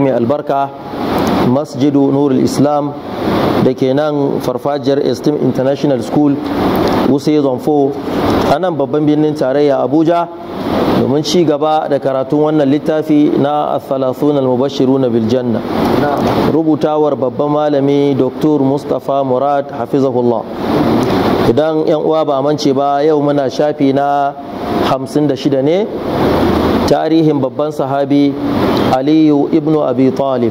mai albarka masjidu nurul islam da ke nan farfajiyar esteem international school wuse zonfo a nan babban birnin tarayya abuja domin ci gaba da karatun wannan littafi na al-thalathun al-mubashiru na biljanna rubutawar babban malami dr mustapha murad hafizahullah idan yan uwa ba mance ba yau muna shafi na 56 ne tarihin babban sahabi aliyu ibnu abi talib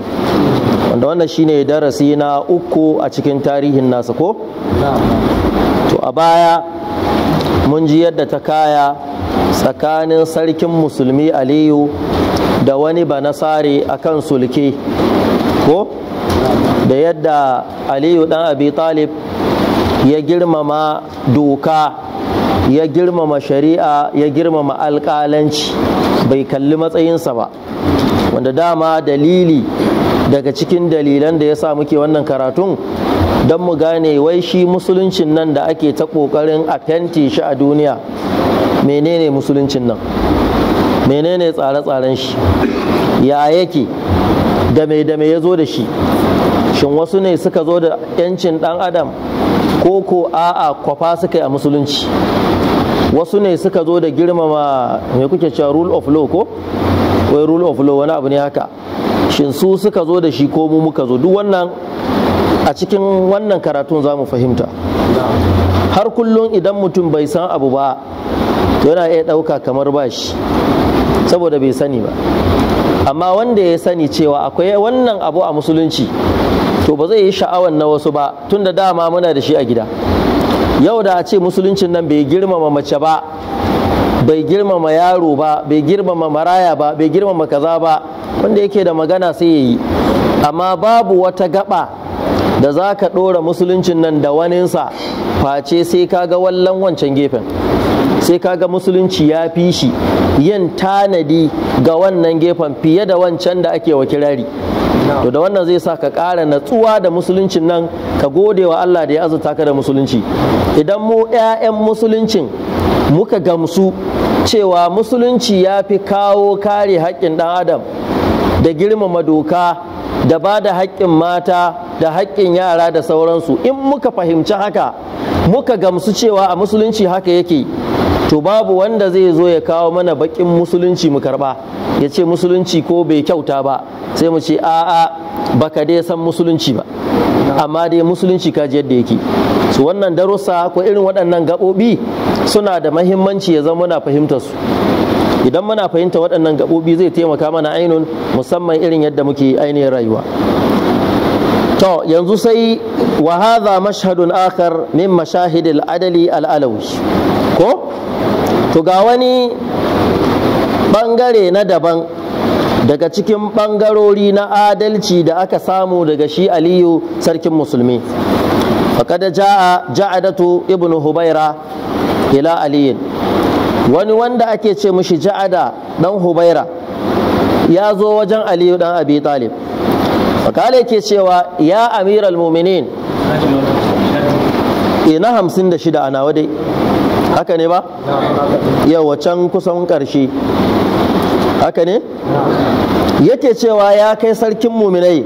wanda wannan shine darasi na uku a cikin tarihin nasa ko to a baya mun ji yadda ta kaya tsakanin sarkin musulmi aliyu da wani banasare akan sulke ko da yadda aliyu dan abi talib ya girmama doka ya girmama shari'a ya girmama alƙalanci bai kalli matsayinsa ba wanda dama dalili daga cikin dalilan da ya sa muke wannan karatun don mu gane wai shi musuluncin nan da ake ta ƙoƙarin a fenti shi a duniya menene musuluncin nan menene tsare-tsaren shi ya yake da mai da mai ya zo da shi shin wasu ne suka zo da 'yancin ɗan adam ko ko a'a kwafa suka yi a musulunci wasu ne suka zo da girmama me kuke cewa rule of law ko wai rule of law wani abu ne haka shin su suka zo da shi ko mu muka zo duk wannan a cikin wannan karatun za mu fahimta har kullum idan mutum bai san abu ba to yana iya ɗauka kamar ba shi saboda bai sani ba amma wanda ya sani cewa akwai wannan abu a musulunci to ba zai yi sha'awan na wasu ba tun da dama muna da shi a gida yau da a ce musuluncin nan bai girmama mace ba bai girmama yaro ba bai girmama maraya ba bai girmama kaza ba wanda yake da magana sai ya yi amma babu wata gaba da za ka ɗora musuluncin nan da waninsa face sai ka ga wallan wancan gefen sai kaga musulunci ya fi shi yin tanadi ga wannan gefen fiye da wancan da ake wa kirari to da wannan zai sa ka ƙara natsuwa da musuluncin nan ka gode wa Allah da ya azurta ka da musulunci idan mu 'ya'yan musuluncin muka gamsu cewa musulunci ya fi kawo kare haƙƙin ɗan adam da girmama doka da ba da haƙƙin mata da haƙƙin yara da sauransu in muka fahimci haka muka gamsu cewa a musulunci haka yake to babu wanda zai zo ya kawo mana bakin musulunci mu karba ya ce musulunci ko bai kyauta ba sai mu ce a'a baka dai san musulunci ba amma dai musulunci kaji yadda yake su wannan darussa ko irin waɗannan gaɓoɓi suna da mahimmanci ya zama muna fahimtar su idan muna fahimta waɗannan gaɓoɓi zai taimaka mana ainun musamman irin yadda muke ainihin rayuwa to yanzu sai wa hadha mashhadun akhar min mashahidil adali al-alawi ko to ga wani bangare na daban daga cikin ɓangarori na adalci da aka samu daga shi aliyu sarkin musulmi faƙada ja'a ja'adatu ibnu hubaira ila aliyin wani wanda ake ce mushi ja'ada dan hubaira ya zo wajen aliyu dan abi talib faƙala yake cewa ya amiral muminin ina hamsin da shida a nawa dai haka ne ba yau wacan kusan ƙarshe haka ne yake cewa ya kai sarkin muminai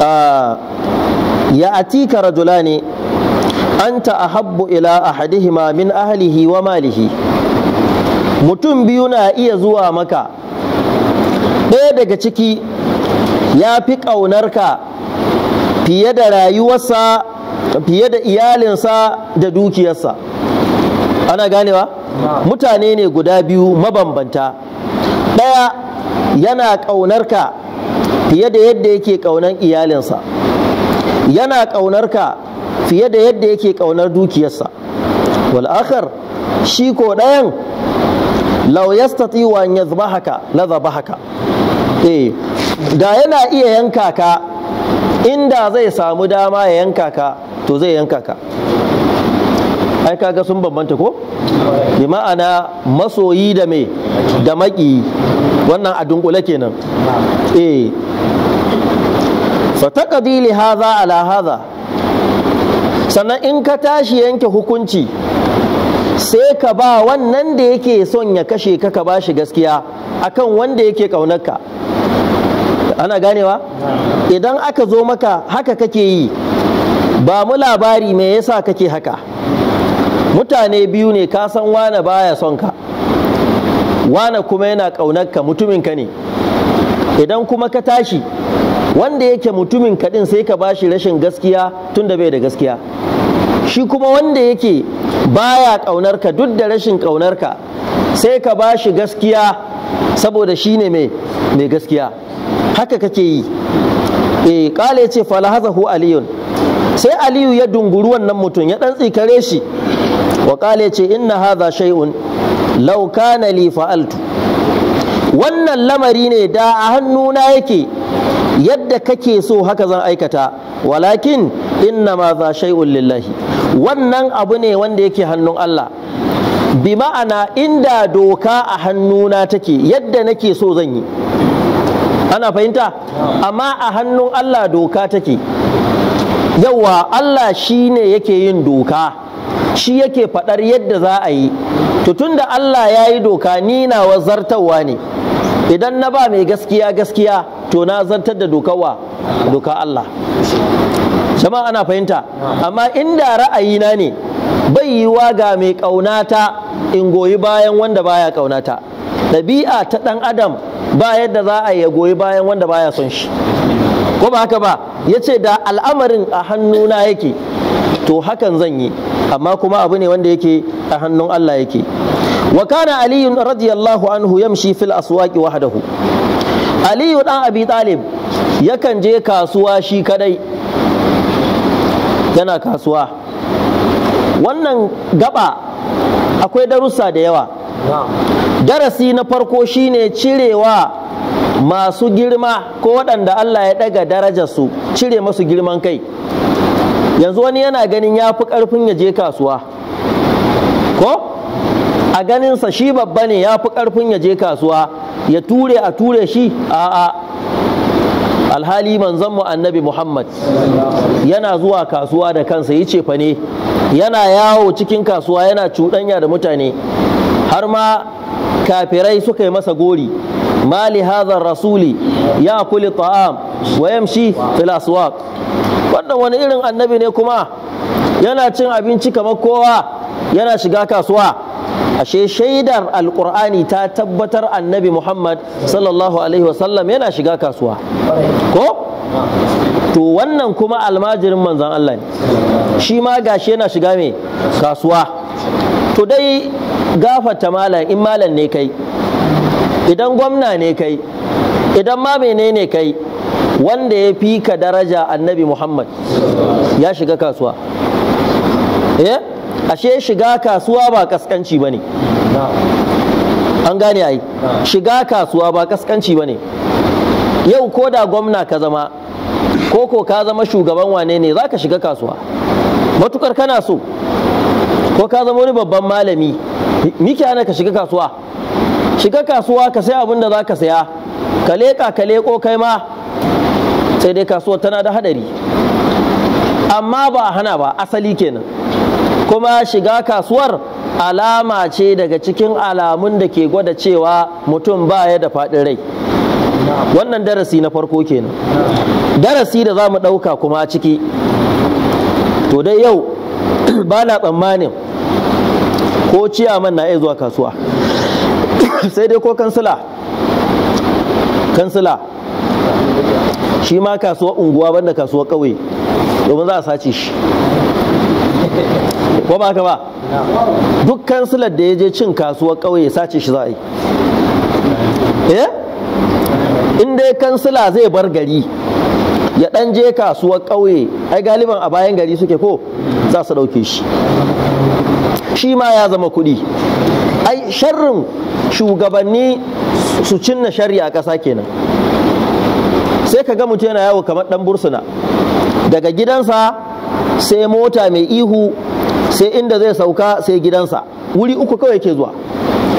ah, ya atika rajula ne anta ahabbu ila ahadihima min ahlihi wa malihi mutum biyu na iya zuwa maka ɗaya daga ciki ya fi ƙaunarka fiye da rayuwarsa fiye da iyalinsa da dukiyarsa ana ganewa mutane ne guda biyu mabambanta ɗaya yana ka fiye da yadda yake ƙaunar iyalinsa yana ka fiye da yadda yake ƙaunar dukiyarsa wal'akar shi ko ɗayan lau ya zuba haka na zaba haka. Eh, da yana iya yanka ka inda zai samu dama ya yanka ka to zai yanka ka ai kaga sun bambanta ko bi ma'ana masoyi da me da maki wannan a dunkule kenan eh taqdi li hadha ala hadha sannan in ka tashi yanke hukunci sai ka ba wannan da yake son ya kashe ka ka bashi gaskiya akan wanda yake kaunarka ana ganewa idan aka zo maka haka kake yi ba mu labari me yasa kake haka mutane biyu ne ka san wane baya son ka wane kuma yana ƙaunarka mutuminka ne idan kuma ka tashi wanda yake mutumin ka din sai ka bashi rashin gaskiya tun da bai da gaskiya shi kuma wanda yake baya ƙaunarka duk da rashin ka, sai ka bashi gaskiya saboda shi ne mai gaskiya haka kake yi e eh, ƙale ce falahazahu aliyun sai aliyu ya dunguri wannan mutum ya dan tsikare shi wa kale ce inna hadha shay'un law kana li fa'altu wannan lamari ne da a hannuna yake yadda kake so haka zan aikata walakin inna ma za shay'un lillahi wannan abu ne wanda yake hannun Allah bi ma'ana inda doka a hannuna take yadda nake so zan yi ana fahimta amma a hannun Allah doka take yauwa Allah shi ne yake yin doka shi yake faɗar yadda za a yi to tunda Allah ya yi doka ni na zartarwa ne idan na ba mai gaskiya gaskiya to na zartar da dokawa doka Allah jama'a ana fahimta amma inda ra'ayina ne bai yiwa ga mai ƙaunata in goyi bayan wanda baya ƙaunata ɗabi'a ta ɗan adam ba yadda za a ya goyi bayan wanda baya son shi ko ba haka ba ya ce da al'amarin a hannuna yake to hakan zan yi amma kuma abu ne wanda yake a hannun Allah yake wa kana aliyun radiyallahu anhu yamshi fil aswaqi wahdahu aliyu dan abi talib yakan je kasuwa shi kadai yana kasuwa wannan gaba akwai darussa da yawa darasi na farko shine cirewa masu girma ko waɗanda Allah ya ɗaga darajarsu cire masu girman kai yanzu wani yana ganin ya fi ƙarfin ya je kasuwa ko a ganinsa shi babba ne ya fi ƙarfin ya je kasuwa ya ture a ture shi a'a alhali mu annabi muhammad yana zuwa kasuwa da kansa yi fa ne yana yawo cikin kasuwa yana cuɗanya da mutane har ma kafirai suka yi masa gori Mali li rasuli ya kuli ta'am wa wannan wani irin annabi ne kuma yana cin abinci kamar kowa yana shiga kasuwa ashe shaidar alkur'ani ta tabbatar annabi muhammad sallallahu alaihi wasallam yana shiga kasuwa ko to wannan kuma almajirin manzan allah ne shi ma gashi yana shiga mai kasuwa to dai gafata malam in malam ne kai idan gwamna ne kai idan ma menene kai wanda ya fi ka daraja annabi muhammad ya shiga kasuwa eh ashe shiga kasuwa ba kaskanci ba ne an gane ai shiga kasuwa ba kaskanci ba ne yau ko da gwamna ka zama ko ko ka zama shugaban wane ne za ka shiga kasuwa matukar kana so ko ka zama wani babban malami miki ana ka shiga kasuwa shiga kasuwa ka sai abin da za ka saya ka leƙa ka leƙo kai ma sai dai kasuwa tana da hadari amma ba a hana ba asali kenan kuma shiga kasuwar alama ce daga cikin alamun da ke gwada cewa mutum ba ya da faɗin rai wannan darasi na farko kenan darasi da za mu ɗauka kuma ciki to dai yau ba na tsammanin ko ciyaman na iya zuwa kasuwa sai dai ko kansila kansila shi ma kasuwa unguwa banda kasuwa ƙauye domin za a sace shi ko ba ka ba duk kansilar da ya je cin kasuwar ƙauye sace shi za a yi eh? in dai kansila zai bar gari ya dan je kasuwa ƙauye ai galiban a bayan gari suke ko za su ɗauke shi shi ma ya zama kuɗi ai sharrin shugabanni su cinna shari'a a ƙasa kenan sai ka ga mutum yana yawo kamar ɗan bursuna daga gidansa sai mota mai ihu sai inda zai sauka sai gidansa wuri uku kawai ke zuwa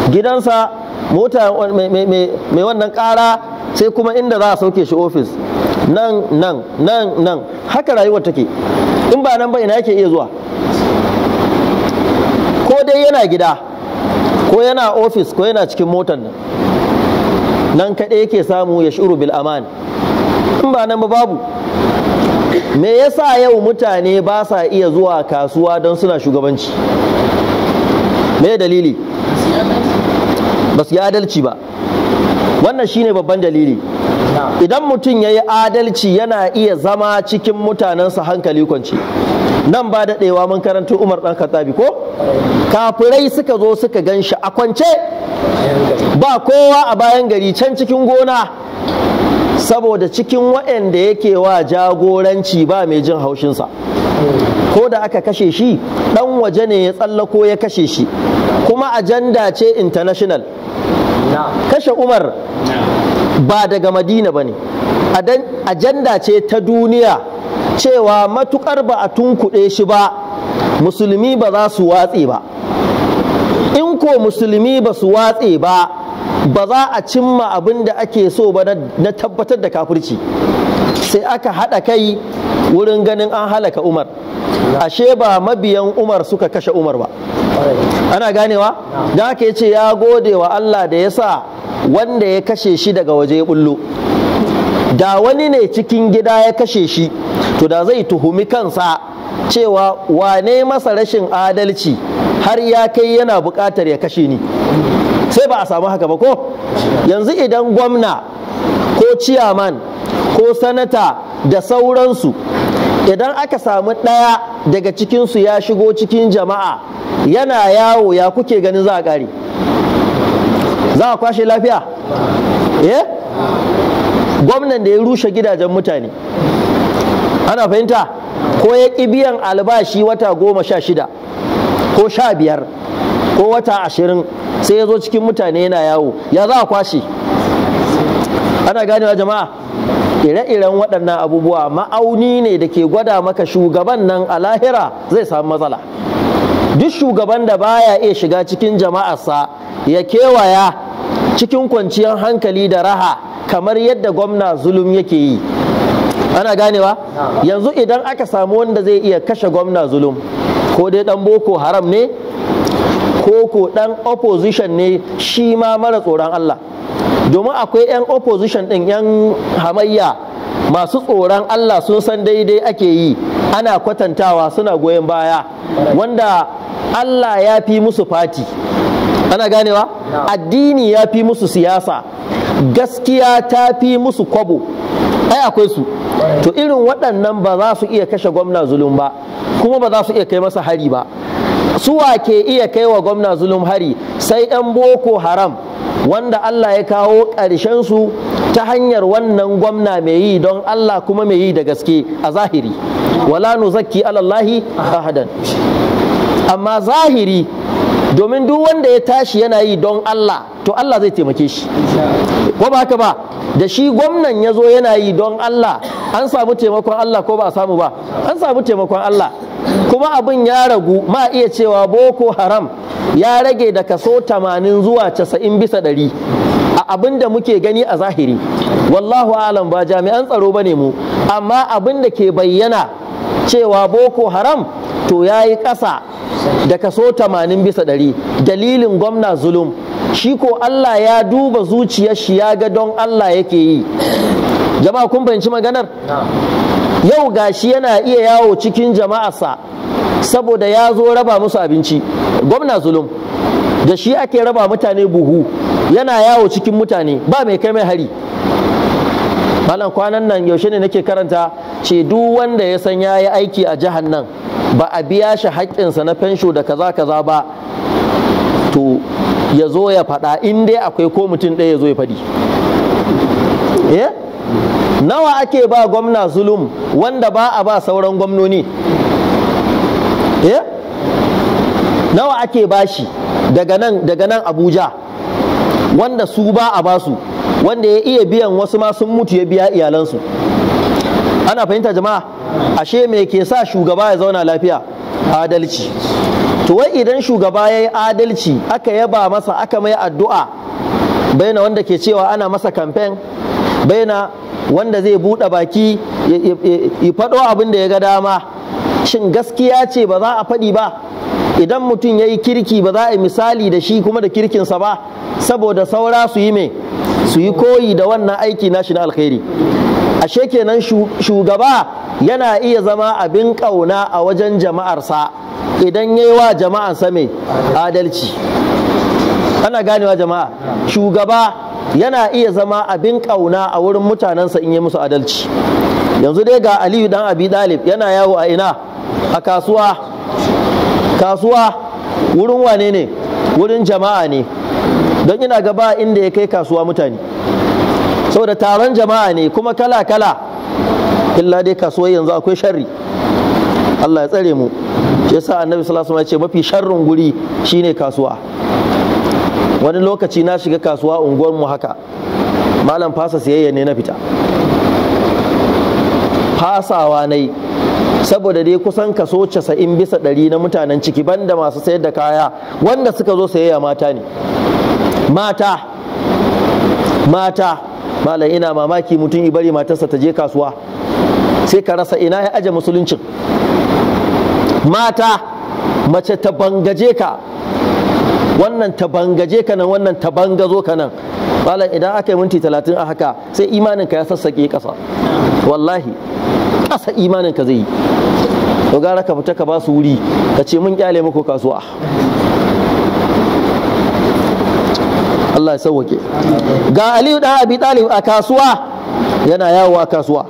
gidansa mota mai wannan ƙara sai kuma inda za a sauke shi ofis nan nan nan nan haka rayuwar take in ba nan ba ina yake iya zuwa ko dai yana gida ko yana ofis ko yana cikin motar nan nan kaɗai yake samu ya shuru bil aman in ba nan ba babu me yasa yau mutane ba sa iya zuwa kasuwa don suna shugabanci me dalili ba su yi adalci ba wannan shine babban dalili idan mutum ya yi adalci yana iya zama cikin mutanensa hankali kwanci nan ba daɗewa mun karanta umar ɗan katabi ko kafirai suka zo suka gan shi a kwance ba kowa a bayan gari can cikin gona saboda cikin waɗanda yake wa jagoranci ba mai jin haushinsa ko da aka kashe shi ɗan waje ne ya tsallako ya kashe shi kuma ajanda ce international kashe umar ba daga madina ba ne ajanda ce ta duniya cewa matukar ba a tunkuɗe shi ba musulmi ba za su watse ba in ko musulmi ba su watse ba ba za a cimma abin da ake so ba na tabbatar da kafirci sai aka haɗa kai wurin ganin an halaka umar ashe ba mabiyan umar suka kashe umar ba ana ganewa da haka ya ce ya gode wa allah da ya sa wanda ya kashe shi daga waje ya bullo da wani ne cikin gida ya kashe shi to da zai tuhumi kansa cewa wane masa rashin adalci har ya kai yana bukatar ya kashe ni sai ba a samu haka ba ko yanzu idan gwamna ko ciyaman ko sanata da sauransu idan aka samu ɗaya daga cikinsu ya shigo cikin jama'a yana yawo ya kuke ganin za a ƙari za a kwashe lafiya eh gwamnan da ya rushe gidajen mutane ana fahimta ko ya ƙi biyan albashi wata goma sha shida ko sha biyar ko wata ashirin sai ya zo cikin mutane yana yawo ya za a kwashe ana ganewa jama'a ire-iren waɗannan abubuwa ma'auni ne da ke gwada maka shugaban nan a lahira zai samu matsala duk shugaban da baya iya shiga cikin jama'arsa ya kewaya cikin kwanciyar hankali da raha kamar yadda gwamna zulum yake yi ana ganewa yanzu idan aka samu wanda zai iya kashe gwamna zulum ko dai dan boko haram ne ko ko dan opposition ne shi ma mara tsoron Allah domin akwai 'yan opposition ɗin 'yan hamayya masu tsoron Allah sun san daidai ake yi ana kwatantawa suna goyon baya wanda Allah ya fi musu fati ana ganewa addini ya fi musu siyasa gaskiya ta fi musu kwabo ai akwai su to irin waɗannan ba za su iya kashe gwamna zulum ba kuma ba za su iya kai masa hari ba suwa ke iya kai wa gwamna zulum hari sai 'yan boko haram wanda Allah ya kawo su ta hanyar wannan gwamna mai yi don Allah kuma mai yi da gaske a zahiri wala nuzakki alallahi ahadan amma zahiri domin duk wanda ya tashi yana yi don Allah to Allah zai taimake shi ko ba haka ba da shi gwamnan ya zo yana yi don Allah an samu taimakon Allah ko ba a samu ba an samu taimakon Allah kuma abin ya ragu ma iya cewa boko haram ya rage da kaso 80 zuwa 90 bisa ɗari a abin da muke gani a zahiri wallahu alam ba jami'an tsaro ba ne mu amma abin da ke bayyana cewa boko haram to ya yi ƙasa da kaso 80 bisa ɗari dalilin gwamna zulum shi ko Allah ya duba zuciyar shi ya ga don Allah yake yi jama'a kun fahimci maganar yau gashi yana iya yawo cikin jama'arsa saboda ya zo raba musu abinci gwamna zulum da shi ake raba mutane buhu yana yawo cikin mutane ba mai kai mai hari malam kwanan nan yaushe ne nake karanta ce duk wanda ya san ya yi aiki a jihar nan ba a biya shi haƙƙinsa na fensho da kaza kaza ba to ya zo ya faɗa in dai akwai ko mutum ɗaya ya zo ya faɗi eh? nawa ake ba gwamna zulum wanda ba a ba sauran gwamnoni eh nawa ake bashi daga nan daga nan abuja wanda su ba a basu wanda ya iya biyan wasu ma sun mutu ya biya iyalansu ana fahimta jama'a ashe me ke sa shugaba ya zauna lafiya adalci to wai idan shugaba ya yi adalci aka yaba masa aka mai addu'a baina wanda ke cewa ana masa kamfen baina wanda zai buɗe baki ya faɗo abin da ya ga dama shin gaskiya ce ba za a faɗi ba idan mutum ya yi kirki ba za a yi misali da shi kuma da kirkinsa ba saboda saura su yi me su yi koyi da wannan aiki na shi na alkhairi ashe kenan shugaba yana iya zama abin ƙauna a wajen jama'arsa idan ya yi wa jama'arsa mai adalci ana ganewa jama'a shugaba yana iya zama abin ƙauna a wurin mutanensa in yi musu adalci yanzu dai ga aliyu dan abi dalib yana yawo a ina a kasuwa kasuwa wurin wane ne wurin jama'a ne don ina gaba inda ya kai kasuwa mutane saboda taron jama'a ne kuma kala-kala illa dai kasuwa yanzu akwai sharri Allah ya tsare mu Ya sa annabi sallallahu alaihi ce mafi sharrin guri shine kasuwa wani lokaci na shiga kasuwa unguwar mu haka malam fasa siyayya ne na fita fasawa na saboda dai kusan kaso casa'in bisa ɗari na mutanen ciki banda masu sayar da kaya wanda suka zo sayayya mata ne mata mata malam ina mamaki mutum ya bari matarsa ta je kasuwa sai ka rasa ina ya aje musuluncin mata mace ta bangaje ka wannan ta bangaje ka nan wannan ta bangazo ka nan malam idan aka yi minti talatin a haka sai imanin ka ya sassaƙe ƙasa wallahi kasa imanin ka zai yi to gara ka fita ka ba su wuri ka ce mun kyale muku kasuwa Allah ya sauwake ga Aliyu da Abi Talib a kasuwa yana yawo a kasuwa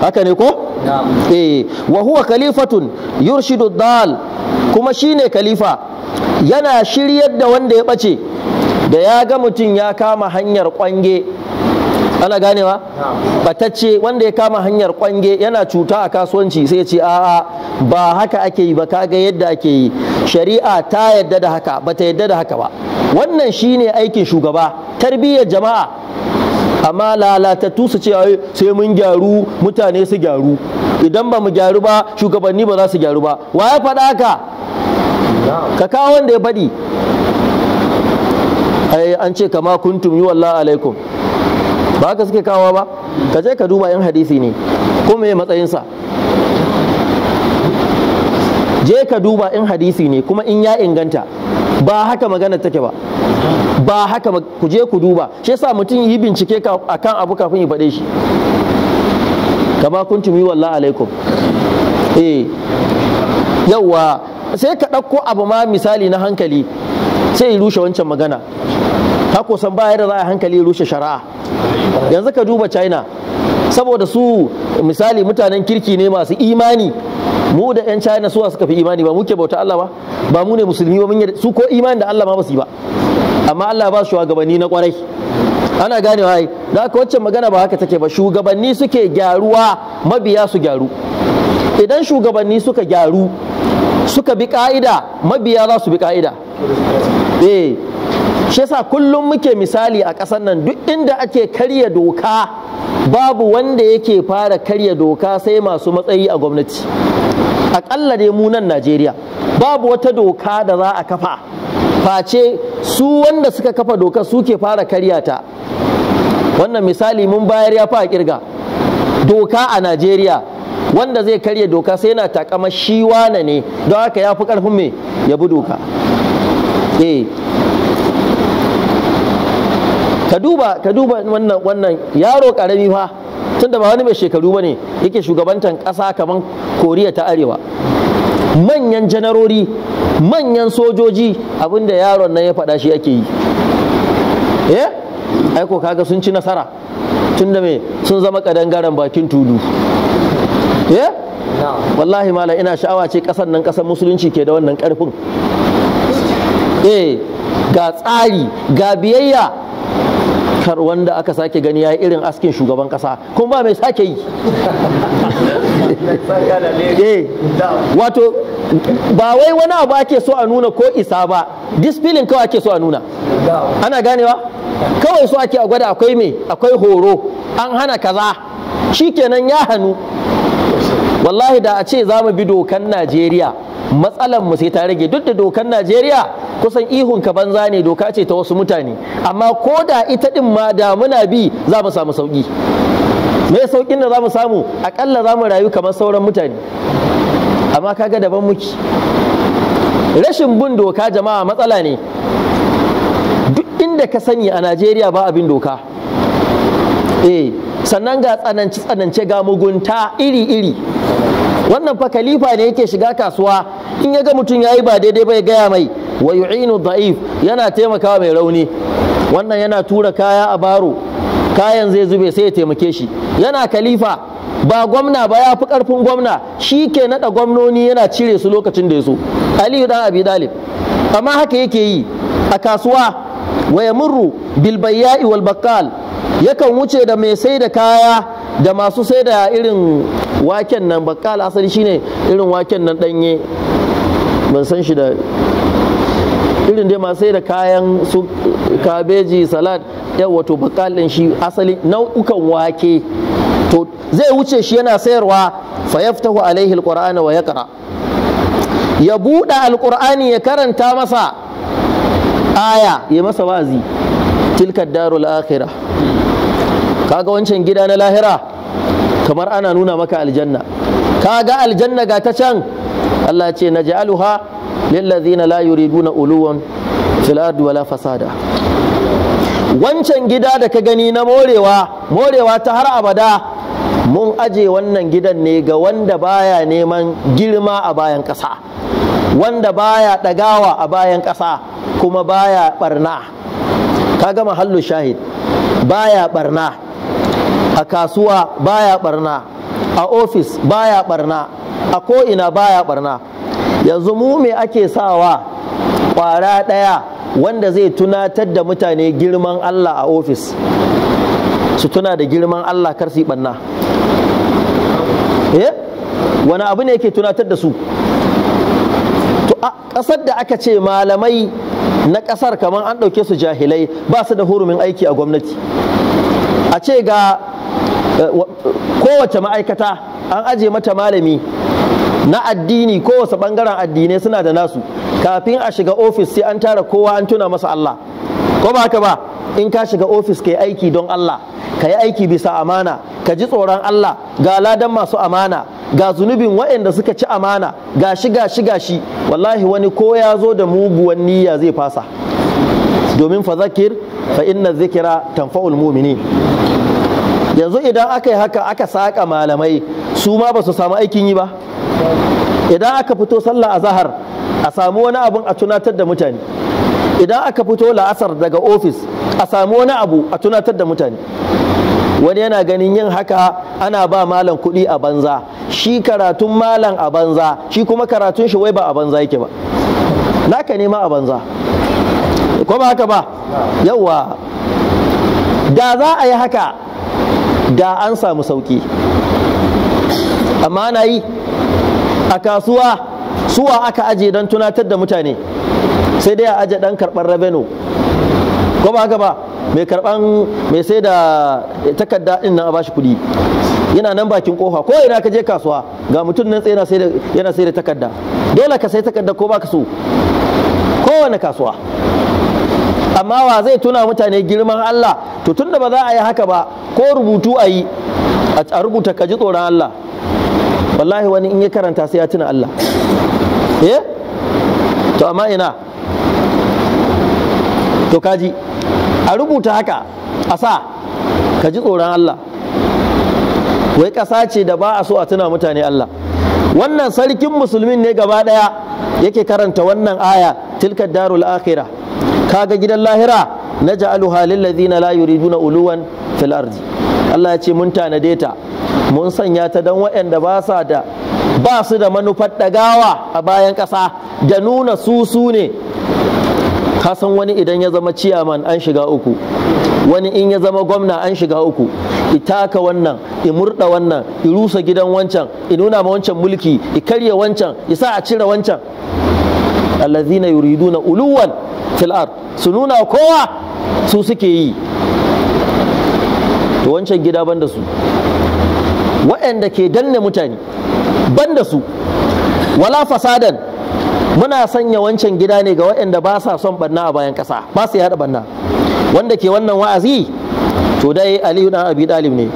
haka ne ko eh wa huwa khalifatun yurshidu dal kuma shine khalifa yana shiryar da wanda ya bace da ya ga mutum ya kama hanyar kwange ana ganewa batacce wanda ya kama hanyar kwange yana cuta a kasuwanci sai ya ce a'a ba haka ake yi ba kaga yadda ake yi shari'a ta yadda da haka ba ta yadda da haka ba wannan shine aikin shugaba tarbiyyar jama'a amma lalatattu su ce sai mun gyaru mutane su gyaru idan ba mu gyaru ba shugabanni ba za su gyaru ba wa ya faɗa haka ka kawo wanda ya faɗi an ce kama kuntum yi wallah alaikum ba haka suke kawo ba ka je ka duba yan hadisi ne ko me matsayinsa je ka duba in hadisi ne kuma in ya inganta ba haka magana take ba ba haka ku je ku duba shi yasa mutum yi bincike akan abu kafin ya faɗe shi kama kun tumi wallahi alaikum eh yawa sai ka ɗauko abu ma misali na hankali sai ya rushe wancan magana ka san baya da za a hankali rushe shari'a yanzu ka duba china saboda su misali mutanen kirki ne masu imani mu da 'yan china suwa suka fi imani ba muke bauta Allah ba ba mu ne musulmi ba su ko imani da Allah ma ba su yi ba amma Allah ba shugabanni na kwarai ana ganewa ai da haka wacce magana ba haka take ba shugabanni suke gyaruwa mabiya su gyaru idan shugabanni suka gyaru suka bi ka'ida mabiya za su bi ka'ida eh. shi yasa kullum muke misali a ƙasar nan duk inda ake karya doka babu wanda yake fara karya doka sai masu matsayi a gwamnati aƙalla dai mu nan najeriya babu wata doka da za a kafa face su wanda suka kafa doka suke fara karya ta wannan misali mun bayar ya fa kirga doka a najeriya wanda zai karya doka sai yana takama shi wane ne don haka ya fi karfin me ya bi doka eh ka duba ka duba wannan wannan yaro karami fa tunda ba wani mai shekaru bane yake shugabantan kasa kaman Koriya ta Arewa manyan janarori manyan sojoji abinda yaron nan ya faɗa shi ake yi eh aiko kaga sun ci nasara tunda me sun zama kadangaren bakin tudu eh wallahi mala ina sha'awa ce kasan nan kasan musulunci ke da wannan karfin eh ga tsari ga biyayya kar wanda aka sake gani ya yi irin askin shugaban kasa kuma ba mai sake yi eh, wato ba wai wani abu ake so a nuna ko isa ba disfilin kawai ake so a nuna ana ganewa kawai so ake a gwada akwai me akwai horo an hana kaza Shi kenan ya hannu wallahi da a ce za mu bi dokan najeriya matsalan mu sai ta rage duk da dokan najeriya kusan ihun ka banza ne doka ce ta wasu mutane amma ko da ita din ma da muna bi za mu samu sauki me saukin da za mu samu akalla za mu rayu kamar sauran mutane amma kaga daban muke rashin bin doka jama'a matsala ne duk inda ka sani a najeriya ba abin doka eh sannan ga tsananci tsanance ga mugunta iri iri wannan fa khalifa ne yake shiga kasuwa in ya ga mutum ya yi ba daidai ba ya gaya mai wa yu'inu da'if yana taimaka mai rauni wannan yana tura kaya a baro kayan zai zube sai ya taimake shi yana kalifa ba gwamna ba ya fi karfin gwamna shi ke naɗa gwamnoni yana cire su lokacin da ya so aliyu dan abi dalib amma haka yake yi a kasuwa wa yamurru bil bayya'i wal bakkal yakan wuce da mai sai da kaya da masu sai da irin waken nan bakkal asali shine irin waken nan danye ban san shi da irin dai masu sai da kayan su kabeji salad yau wato bakal shi asali nau'ukan wake to zai wuce shi yana sayarwa fa yaftahu alaihi alqur'ana wa yaqra ya buɗe alqur'ani ya karanta masa aya ya masa wazi tilka darul akhirah kaga wancan gida na lahira kamar ana nuna maka aljanna kaga aljanna ga ta can Allah ce naj'aluha lillazina la yuriduna uluwan fil ardi wala fasada wancan gida da ka gani na morewa morewa ta har abada mun aje wannan gidan ne ga wanda baya neman girma a bayan ƙasa wanda baya ɗagawa a bayan ƙasa kuma baya barna ka gama hallu shahid baya barna a kasuwa baya barna a ofis baya barna a ko'ina baya ɓarna. yanzu mu me ake sawa kwara ɗaya wanda zai tunatar da mutane girman Allah a ofis su tuna da girman Allah kar su ɓanna eh? wani abu ne yake tunatar da su to a ƙasar da aka ce malamai na ƙasar kamar an ɗauke su jahilai ba su da hurumin aiki a gwamnati a ce ga eh, kowace ma'aikata an aje mata malami na addini kowace bangaren addinai suna da nasu kafin a shiga ofis sai an tara kowa an tuna masa Allah ko ba haka ba in ka shiga ofis ka aiki don Allah ka yi aiki bisa amana ka ji tsoron Allah ga ladan masu amana ga zunubin waɗanda suka ci amana ga shi ga shi ga shi wallahi wani ko ya zo da muguwan niyya zai fasa domin fa zakir fa inna zikira tanfa'ul mumini yanzu idan aka yi haka aka saka malamai su ma ba su samu aikin yi ba idan aka fito sallah a zahar a samu wani abun a tunatar da mutane idan aka fito la'asar daga ofis a samu wani abu a tunatar da mutane wani yana ganin yin haka ana ba malam kuɗi a banza shi karatun malam a banza shi kuma karatun shi wai ba a banza yake ba naka nema a banza ko ba haka ba yauwa da za a yi haka da an samu sauki amma na yi a kasuwa suwa aka aje don tunatar da mutane sai dai a aje dan karɓar raveno ko ba haka ba mai karɓan mai sai da takarda din nan a bashi kuɗi yana nan bakin kofa ko ina ka je kasuwa ga mutum nan tsaye yana sai da takarda dole ka sai takarda ko baka so kowane kasuwa amma wa zai tuna mutane girman Allah to tunda ba za a yi haka ba ko rubutu a yi a rubuta ka ji tsoron Allah wallahi wani in ya karanta sai ya tuna Allah eh to amma ina to kaji a rubuta haka a sa ka ji tsoron Allah wai ƙasa ce da ba a so a tuna mutane Allah wannan sarkin musulmin ne gaba ɗaya yake karanta wannan aya tilkar darul Ka ga gidan lahira na naj'aluha lil na la yuriduna uluwan fil Allah ya ce mun tanade ta mun sanya ta don waɗanda ba sa da ba su da manufar ɗagawa a bayan ƙasa da nuna su su ne san wani idan ya zama ciyaman an shiga uku wani in ya zama gwamna an shiga uku itaka wannan i murda wannan i rusa gidan wancan i nuna ma wancan mulki i karya wancan i sa a cire wancan allazina yuriduna uluwan fil su nuna kowa su suke yi to wancan gida ban su waɗanda ke danne mutane ban su wala fasadan muna sanya wancan gida ne ga waɗanda ba sa son banna a bayan ƙasa ba su yada banna wanda ke wannan wa'azi to dai aliyu na abi dalib ne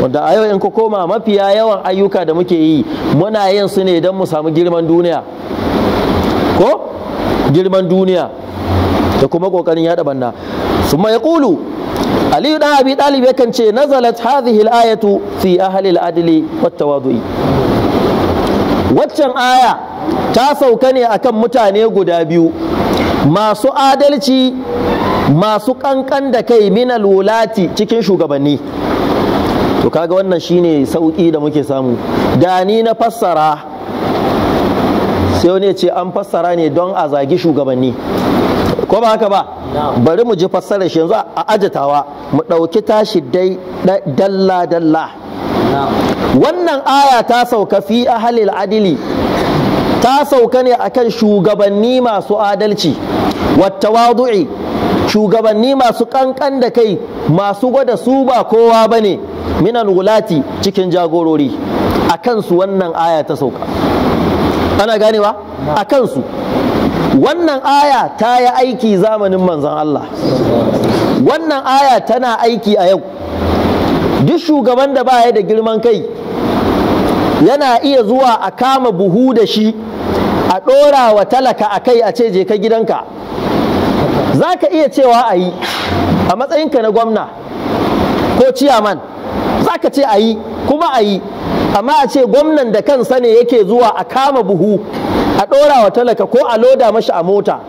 wanda a yau in ku koma mafiya yawan ayyuka da muke yi muna yin su ne don mu samu girman duniya ko girman duniya da kuma kokarin yada banna summa yaqulu aliyu ɗan abi ɗalibi yakan ce nazalat hadhihi al-ayatu fi ahli al-adli wat tawadu'i waccan aya ta sauka ne akan mutane guda biyu masu adalci masu ƙanƙan da kai Mina wulati cikin shugabanni to kaga wannan shine sauƙi da muke samu da ni na fassara sai wani ce an fassara ne don a zagi shugabanni ko ba haka ba bari mu ji fassarar shi yanzu a ajatawa mu ɗauki tashi dai dalla dalla wannan aya ta sauka fi ahalil adili ta sauka ne akan shugabanni masu adalci wadu'i shugabanni masu ƙanƙan da kai masu gwada su ba kowa ba ne. minan wulati cikin jagorori akan su wannan aya ta sauka ana ganewa a kansu wannan aya ta yi aiki zamanin manzan Allah wannan aya tana aiki a yau duk shugaban da ba ya da girman kai yana iya zuwa a kama buhu da shi a ɗora wa talaka a kai a ce je ka gidanka za ka iya cewa a yi a matsayinka na gwamna ko ciyaman za ka ce a yi kuma a yi amma a ce gwamnan da kansa ne yake zuwa a kama buhu a ɗora wa talaka ko a loda mashi a mota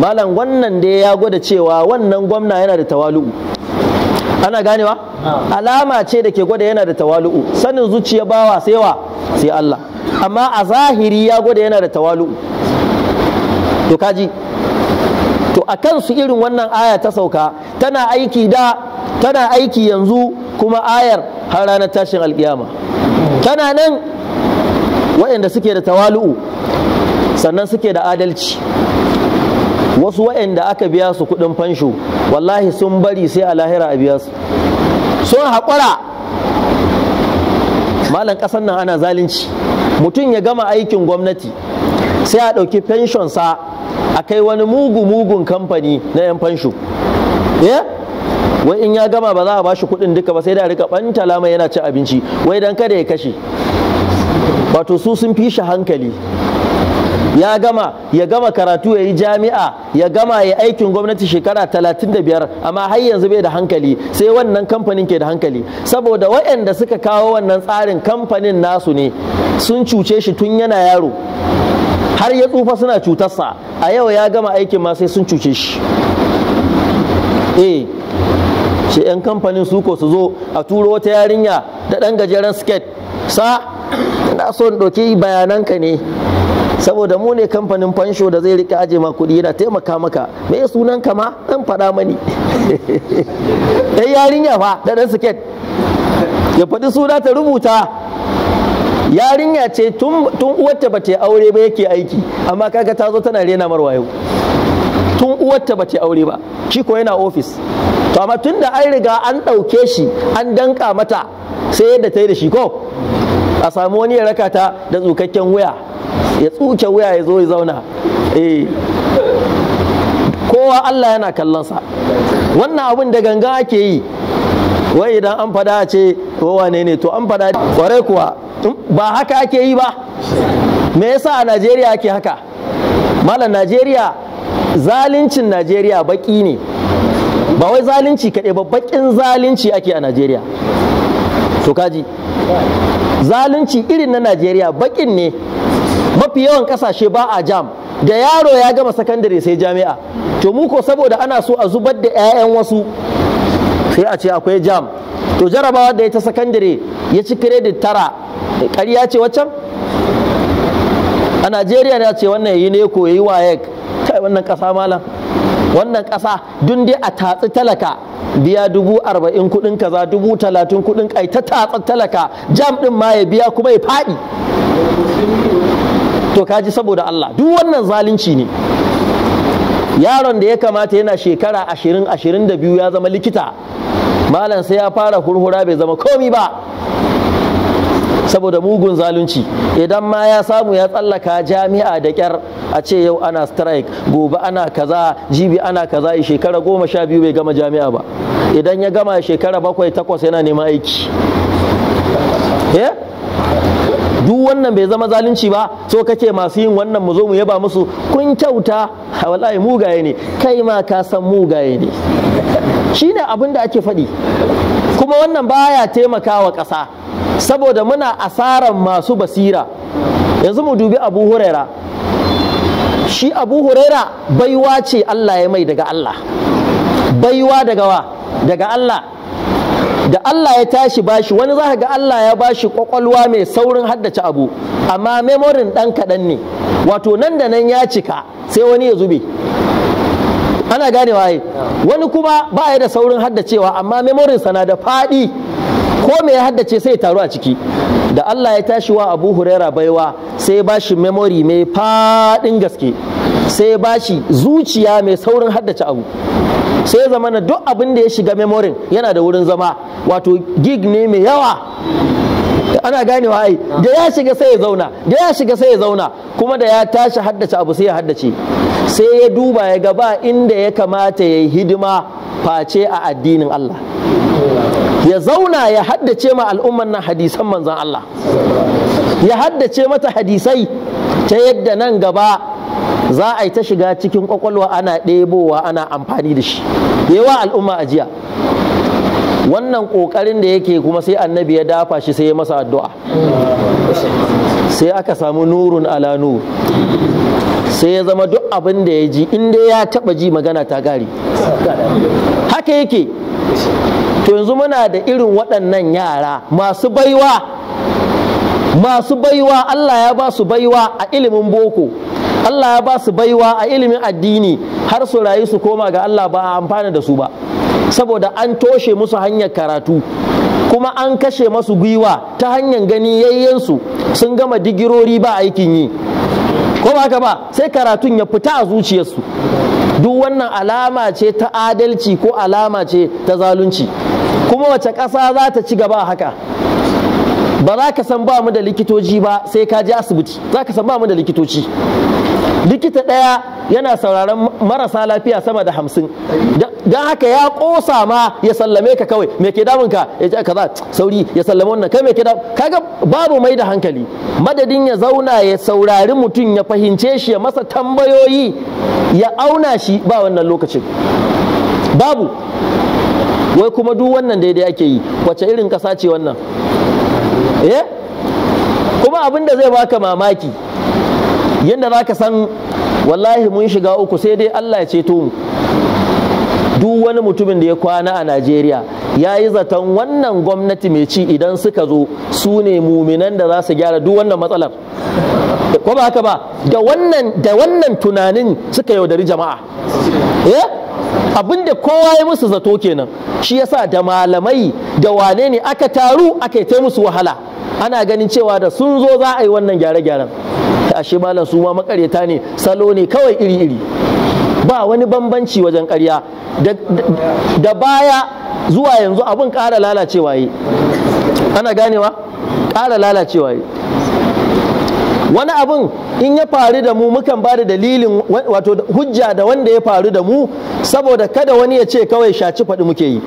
malam wannan da ya gwada cewa wannan gwamna yana da tawalu'u ana ganewa alama ce da ke gwada yana da tawalu'u sanin zuciya bawa sai wa sai Allah amma a zahiri ya gwada yana da tawalu'u to kaji to a kansu irin wannan aya ta sauka tana aiki da tana aiki yanzu kuma ayar har ranar tashin alkiyama tana nan waɗanda suke da tawalu'u sannan suke da adalci wasu waɗanda aka biya su kuɗin fansho wallahi sun bari sai a lahira a biya su sun haƙura malam ƙasar nan ana zalunci mutum ya gama aikin gwamnati sai a ɗauki fenshonsa a kai wani mugu-mugun kamfani na 'yan fansho eh? wai in ya gama ba za a bashi kuɗin duka ba sai da rika ɓanta lama yana cin abinci wai dan kada ya kashe wato su sun fi shi hankali ya gama ya gama karatu ya yi jami'a ya gama ya aikin gwamnati shekara 35 amma har yanzu bai da hankali sai wannan kamfanin ke da hankali saboda waɗanda suka kawo wannan tsarin kamfanin nasu ne sun cuce shi tun yana yaro har ya tsufa suna cutarsa a yau ya gama aikin ma sai sun cuce shi eh shi 'yan kamfanin su ko su zo a turo wata yarinya da ɗan gajeren skate sa na so in ɗauki bayananka ne saboda mu ne kamfanin fansho da zai rika aje ma kuɗi yana taimaka maka me ya sunan ka ma dan faɗa mani ɗan yarinya fa da ɗan siket ya faɗi suna ta rubuta yarinya ce tun uwarta ba ta aure ba yake aiki amma kaga ta zo tana rena marwayo tun uwarta ba ta aure ba shi ko yana ofis to amma tun da an riga an ɗauke shi an danka mata sai yadda ta yi da shi ko a samu wani ya raka ta da tsukakken wuya ya tsuke wuya ya zo ya zauna eh kowa Allah yana kallonsa wannan abin da ganga ake yi wai idan an fada ce wane ne to an fada kwarai kuwa ba haka ake yi ba me yasa a Najeriya ake haka malam Najeriya zalincin najeriya baki ne ba wai zalunci kaɗai ba bakin zalunci ake a najeriya to kaji zalunci irin na najeriya bakin ne mafi yawan ƙasashe ba a jam da yaro ya gama sakandare sai jami'a to mu ko saboda ana so a zubar da 'ya'yan wasu sai a ce akwai jam to jarabawa da ya ta sakandare ya ci kiredit tara ƙarya ce waccan a najeriya ne ce wannan yi ne ko yi wayek kai wannan ƙasa malam wannan ƙasa dun dai a tatsi talaka biya dubu arba'in kuɗin kaza dubu talatin kuɗin kai ta tatsi talaka jam ɗin ma ya biya kuma ya faɗi to kaji saboda Allah duk wannan zalunci ne yaron da ya kamata yana shekara ashirin ashirin da biyu ya zama likita malam sai ya fara hurhura bai zama komi ba saboda mugun zalunci idan ma ya samu ya tsallaka jami'a da kyar a ce yau ana strike gobe ana kaza jibi ana kaza shekara goma sha biyu bai gama jami'a ba idan ya gama shekara bakwai takwas yana neman aiki eh? duk wannan bai zama zalunci ba so kake masu yin wannan mu zo mu yaba musu kun kyauta wallahi mugaye ne kai ma ka san mugaye ne shine abin da ake faɗi kuma wannan baya taimakawa ƙasa saboda muna asaran masu basira yanzu mu dubi abu huraira shi abu huraira baiwa ce Allah ya mai daga Allah baiwa daga wa daga Allah da Allah ya tashi bashi wani za ga Allah ya bashi kwakwalwa mai saurin haddace abu amma memorin ɗan kaɗan ne wato nan da nan ya cika sai wani ya zube ana ganewa waye wani kuma ba ya da saurin haddacewa amma memorinsa na da faɗi ko me ya haddace sai ya taru a ciki da Allah ya tashi wa Abu Huraira baiwa sai ya bashi memory mai fadin gaske sai ya bashi zuciya mai saurin haddace abu sai zama na duk abin da ya shiga memorin yana da wurin zama wato gig ne mai yawa ana ganewa ai da ya shiga sai ya zauna da ya shiga sai ya zauna kuma da ya tashi haddace abu sai ya haddace sai ya duba ya gaba inda ya kamata ya yi hidima face a addinin Allah ya zauna ya haddace ma al'ummar nan hadisan manzan Allah ya haddace mata hadisai ta yadda nan gaba za a yi ta shiga cikin kwakwalwa ana ɗebowa ana amfani da shi yawa al'umma ajiya wannan ƙoƙarin da yake kuma sai annabi ya dafa shi sai ya masa addu'a sai aka samu nurun ala nur sai ya zama duk abin da ya ji inda ya taba ji magana ta gari haka yake to yanzu muna da irin waɗannan yara masu baiwa masu baiwa Allah ya ba su baiwa a ilimin boko Allah ya ba su baiwa a ilimin addini har su rayu su koma ga Allah ba a amfana da su ba saboda an toshe musu hanyar karatu kuma an kashe masu gwiwa ta hanyar gani yayyensu sun gama digirori ba aikin yi ko ba ka ba sai karatun ya fita a zuciyarsu duk wannan alama ce ta adalci ko alama ce ta zalunci kuma wace ƙasa za ta ci gaba haka ba za ka san ba mu da likitoci ba sai ka je asibiti za ka san ba mu da likitoci likita ɗaya yana sauraron marasa lafiya sama da hamsin don haka ya ƙosa ma ya sallame ka kawai me ke damun ka ya ce za sauri ya sallame wannan kai me ke damun kaga babu mai da hankali madadin ya zauna ya saurari mutum ya fahimce shi ya masa tambayoyi ya auna shi ba wannan lokacin babu wai kuma duk wannan daidai ake yi wacce irin ƙasa ce wannan eh kuma abin da zai baka mamaki yadda za ka san wallahi mun shiga uku sai dai Allah ya ceto mu duk wani mutumin da ya kwana a Najeriya ya yi zaton wannan gwamnati mai ci idan suka zo su ne muminan da za su gyara duk wannan matsalar ko ba haka ba da wannan da wannan tunanin suka yaudari jama'a eh Abin da kowa ya musu zato kenan shi yasa da malamai da wane ne aka taru aka yi ta musu wahala ana ganin cewa da sun zo za a yi wannan gyare-gyaren ashe malam su ma makareta ne salo ne kawai iri-iri ba wani bambanci wajen karya da baya zuwa yanzu abin ƙara lalacewa yi ana ganewa ƙara lalacewa yi wani abin in ya faru da mu mukan ba da dalilin wato hujja da wanda ya faru da mu saboda kada wani ya ce kawai shaci faɗi muke yi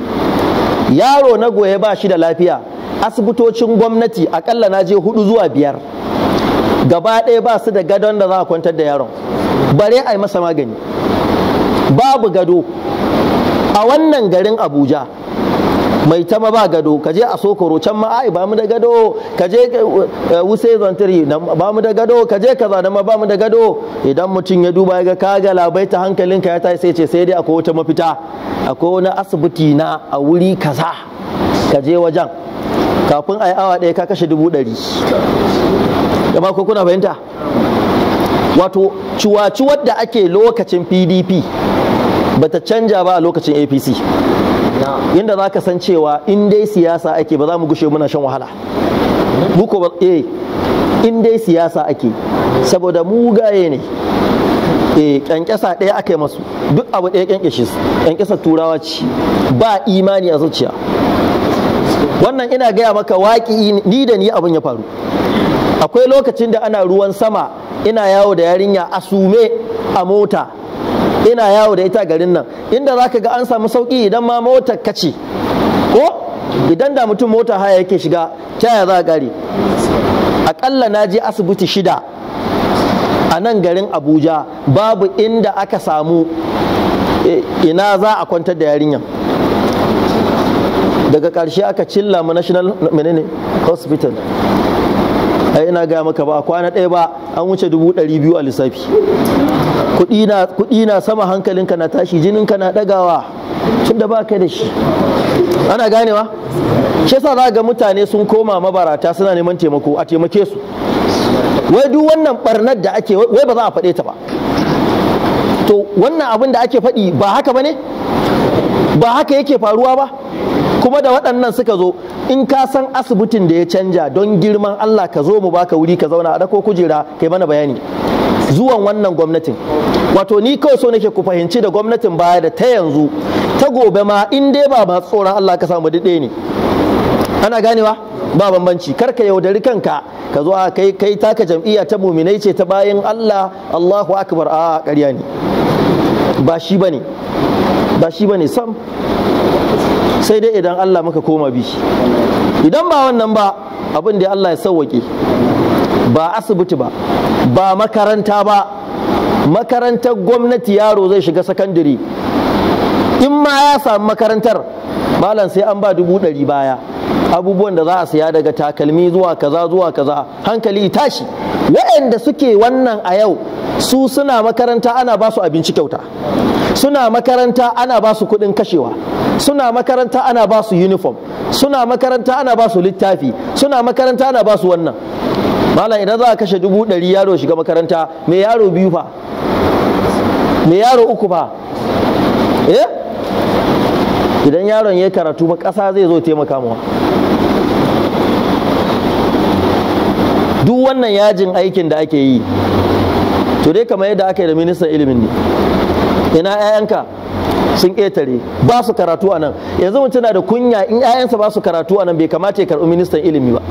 yaro na goye ba shi da lafiya asibitocin gwamnati akalla na je hudu zuwa biyar gaba ɗaya ba su da gadon da za a kwantar da yaron bare a yi masa magani babu gado a wannan garin abuja mai ta ma ba gado ka je a sokoro can ma ai ba mu da gado ka je eh, wuse zantiri ba mu da gado ka je kaza ma ba mu da gado idan mutum ya duba ya ga ka ga labai ta hankalinka ya tashi sai ce sai dai akwai wata mafita akwai wani asibiti na a wuri kaza ka je wajen kafin a awa ɗaya ka kashe dubu ɗari da ko kuna fahimta wato ciwaciwar da ake lokacin pdp bata canja ba a lokacin apc yadda za ka san cewa in dai siyasa ake ba za mu gushe muna shan wahala muku ba eh in dai siyasa ake saboda mugaye ne eh kyankyasa ɗaya aka yi masu duk abu ɗaya kyankyashe su kyankyasa turawa ce ba imani a zuciya wannan ina gaya maka waƙi ni da ni abin ya faru akwai lokacin da ana ruwan sama ina yawo da yarinya a sume a mota ina yawo da ita garin nan inda zaka ga an samu sauki idan ma motar kace ko idan da mutum mota haya yake shiga ta yaya za a akalla na je asibiti shida a nan garin abuja babu inda aka samu eh, ina za a kwantar da yarinya. daga ƙarshe aka cilla mu national menene hospital ai ina gaya maka ba kwana ɗaya ba an wuce dubu ɗari biyu a lissafi kuɗi na sama hankalinka na tashi jininka na ɗagawa tun da ba kai da shi ana ganewa shi yasa za ga mutane sun koma mabarata suna neman taimako a taimake su wai duk wannan barnar da ake wai ba za a faɗe ta ba to wannan abin da ake faɗi ba haka ba ne ba haka yake faruwa ba kuma da waɗannan suka zo in ka san asibitin da ya canja don girman Allah ka zo mu baka wuri ka zauna a dako kujera kai mana bayani zuwan wannan gwamnatin wato ni kawai so nake ku fahimci da gwamnatin baya da ta yanzu ta gobe ma in dai ba ba tsoron Allah ka samu daɗe ne ana ganewa ba bambanci kar ka yaudari kanka ka zo a kai kai taka jam'iyya ta muminai ce ta bayan Allah Allahu akbar a ƙarya ne ba shi bane ba shi bane sam sai dai idan Allah muka koma bi idan ba wannan ba abin da Allah ya sauwaƙe ba asibiti ba ba makaranta ba makarantar gwamnati yaro zai shiga sakandare in ma ya samu makarantar malam sai an ba dubu ɗari baya abubuwan da za a siya daga takalmi zuwa kaza zuwa kaza hankali tashi waɗanda suke wannan a yau su suna makaranta ana ba su abinci kyauta suna makaranta ana ba su kuɗin kashewa suna makaranta ana ba su uniform suna makaranta ana ba su littafi suna makaranta ana ba su wannan malam idan za a kashe dubu ɗari yaro shiga makaranta mai yaro biyu fa mai yaro uku fa eh idan yaron ya karatu ma ƙasa zai zo taimaka mu duk wannan yajin aikin da ake yi to dai kamar yadda aka yi da ministan ilimin ne ina 'ya'yanka sun ƙetare ba su karatu a nan yanzu mutum na da kunya in 'ya'yansa ba su karatu a nan bai kamata ya karɓi ministan ilimi ba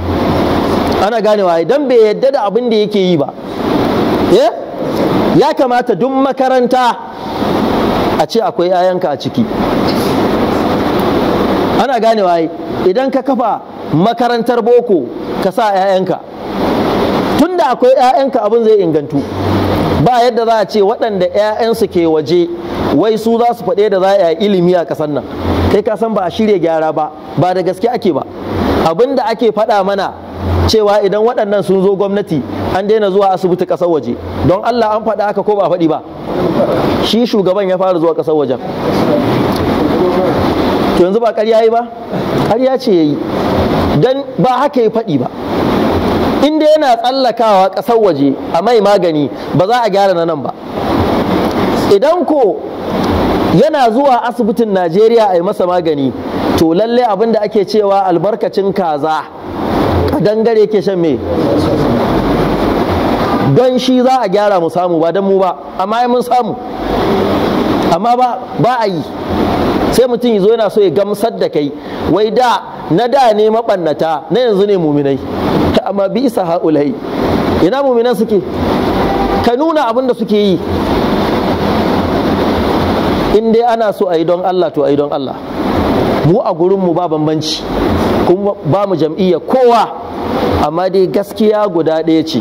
ana ganewa idan bai yadda da abin da yake yi ba eh, ya kamata duk makaranta a ce akwai 'ya'yanka a ciki ana gane waye idan ka kafa makarantar boko ka sa 'ya'yanka tunda akwai 'ya'yanka abin zai ingantu ba yadda za a ce waɗanda 'ya'yansu ke waje wai su za su faɗe da za a ilimi a ƙasar nan kai ka san ba a shirya gyara ba ba da gaske ake ba abin da ake faɗa mana cewa idan waɗannan sun zo gwamnati an daina zuwa asibiti ƙasar waje don Allah an faɗa haka ko ba faɗi ba shi shugaban ya fara zuwa ƙasar wajen to yanzu ba ƙarya yi ba ƙarya ce ya yi don ba haka ya faɗi ba Inda yana tsallakawa ƙasar waje a mai magani ba za a gyara na nan ba idan ko yana zuwa asibitin najeriya a yi masa magani to lalle abin da ake cewa albarkacin kaza dangare ke shan mai. don shi za a gyara mu samu ba don mu ba amma mun samu amma ba a yi sai mutum yazo yana so ya gamsar da kai wai da na da ne mabannata na yanzu ne muminai amma bi isa haulai ina muminan suke ka nuna abin da suke yi in dai ana so a yi don Allah to a yi don Allah mu a gurinmu ba bambanci kuma ba mu jam'iyya kowa amma dai gaskiya guda ɗaya ce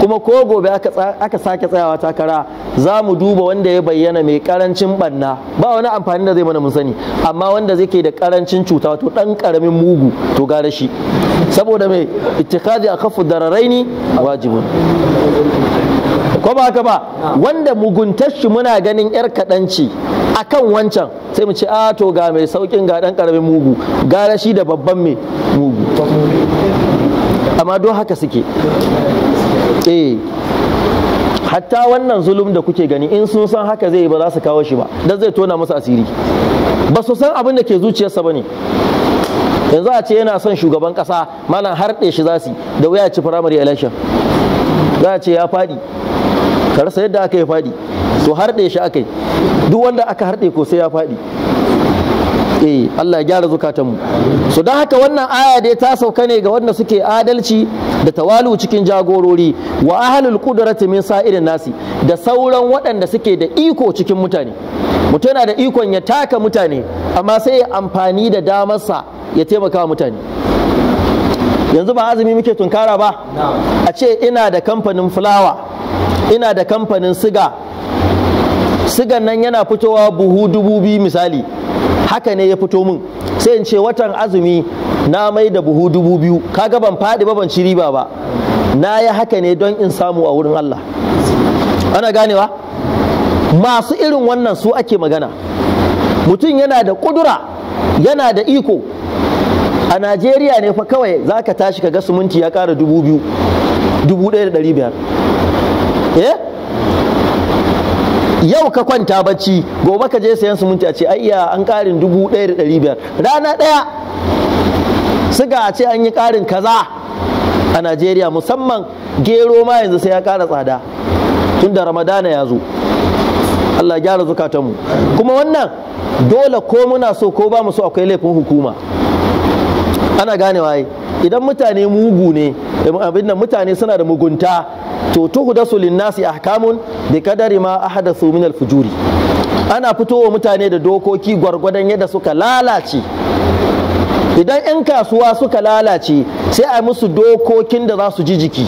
kuma ko gobe aka sake tsayawa takara za mu duba wanda ya bayyana mai karancin banna ba wani amfani da zai mana mun sani amma wanda zai ke da karancin cuta wato dan karamin mugu to gare shi saboda mai ittikadi a kafu dararaini wajibun ko ba haka ba wanda muguntar shi muna ganin yar kadanci akan wancan sai mu ce a ah, to ga mai saukin ga dan karamin mugu gara shi da babban mai mugu amma don haka suke eh hatta wannan zulum da kuke gani in sun san haka zai ba za su kawo shi ba dan zai tona musu asiri ba su san abin da ke zuciyarsa ba ne yanzu a ce yana son shugaban kasa malam harɗe shi za su da waya ci primary election za a ce ya faɗi karsa yadda aka yi faɗi to harɗe shi aka duk wanda aka harɗe ko sai ya faɗi eh Allah ya gyara mu so don haka wannan aya dai ta sauka ne ga wanda suke adalci da tawalu cikin jagorori wa ahlul qudrati min sa'irin nasi da sauran waɗanda suke da iko cikin mutane mutum yana da ikon ya taka mutane amma sai ya amfani da damarsa ya taimaka mutane yanzu ba azumi muke tunkara ba a ce ina da kamfanin fulawa ina da kamfanin siga sigan nan yana fitowa buhu dubu biyu misali haka ne ya fito min sai in ce watan azumi na mai da buhu dubu biyu kaga ban faɗi ba ban ci riba ba na yi haka ne don in samu a wurin Allah ana ganewa masu irin wannan su ake magana mutum yana da ƙudura yana da iko a najeriya ne fa kawai za ka tashi ka ga suminti ya ƙara dubu biyu dubu ɗaya da ɗari biyar eh yau ka kwanta bacci gobe ka je sayan siminti a ce ayya an karin dubu ɗaya da ɗari biyar rana ɗaya suga a ce an yi karin kaza a najeriya musamman gero ma yanzu sai ya ƙara tsada tun da ramadana ya zo allah gyara mu. kuma wannan dole ko muna so ko ba mu so akwai laifin hukuma ana ganewa idan mutane mugu ne abin mutane suna da mugunta to tuhdasu linnasi ahkamun bi kadari ma ahdathu min al-fujuri ana fitowa mutane da dokoki gwargwadon yadda suka lalace idan 'yan kasuwa suka lalace sai a musu dokokin da za su ji jiki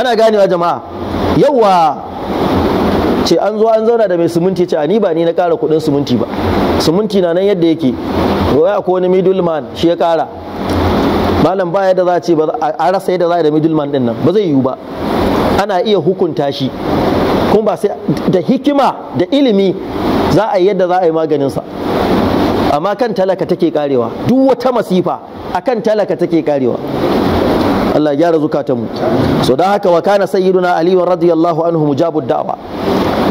ana ganewa jama'a yawa ce an zo an zauna da mai suminti ce a ni ba ni na kara kudin suminti ba suminti na nan yadda yake roya ko wani middleman shi ya kara malam ba yadda za a ce ba a rasa yadda za a da middleman din nan ba zai yiwu ba ana iya hukunta shi kuma ba sai da hikima da ilimi za a yi yadda za a yi maganinsa amma kan talaka take karewa duk wata masifa akan talaka take karewa Allah gyara zukatanmu so don haka wa kana sayyiduna aliyu radiyallahu anhu mujabud da'wa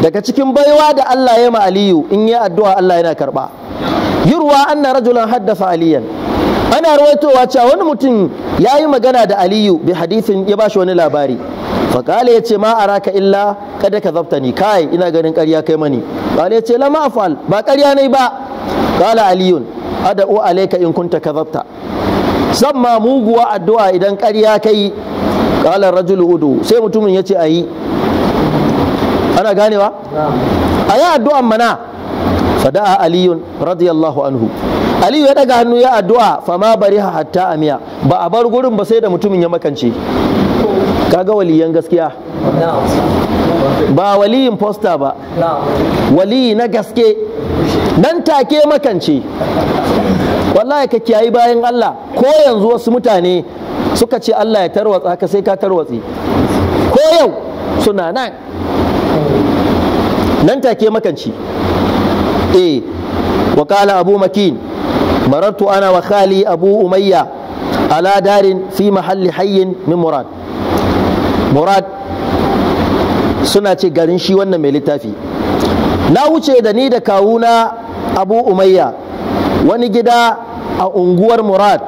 daga cikin baiwa da Allah ya ma aliyu in yi addu'a Allah yana karba yurwa anna rajulan haddasa aliyan ana ruwaitowa cewa wani mutum ya yi magana da aliyu bi hadisin ya bashi wani labari faƙala ya ce ma a raka illa kada ka zafta ni kai ina ganin ƙarya kai mani ƙala ya ce la ma'afal ba ƙarya ne ba ƙala aliyun ada'u alaika in kunta ka zabta san ma muguwa addu'a idan ƙarya kai ƙala rajulu udu sai mutumin ya ce a yi ana ganewa a yi addu'an mana fada'a aliyun radiyallahu anhu aliyu ya daga hannu ya addu'a fama bari hatta a miya ba a bar gurin ba sai da mutumin ya makance kaga waliyan gaskiya ba waliyin fosta ba Wali na gaske nan take makance wallahi ka kiyayi bayan Allah ko yanzu wasu mutane suka ce Allah ya tarwatsa ka sai ka tarwatsi ko yau suna nan nan take makance, eh wa abu makin marartu ana wa khali abu umayya ala darin fi mahalli hayyin min murad murad suna ce garin shi wannan mai littafi na wuce da ni da kawuna abu umayya wani gida a unguwar murad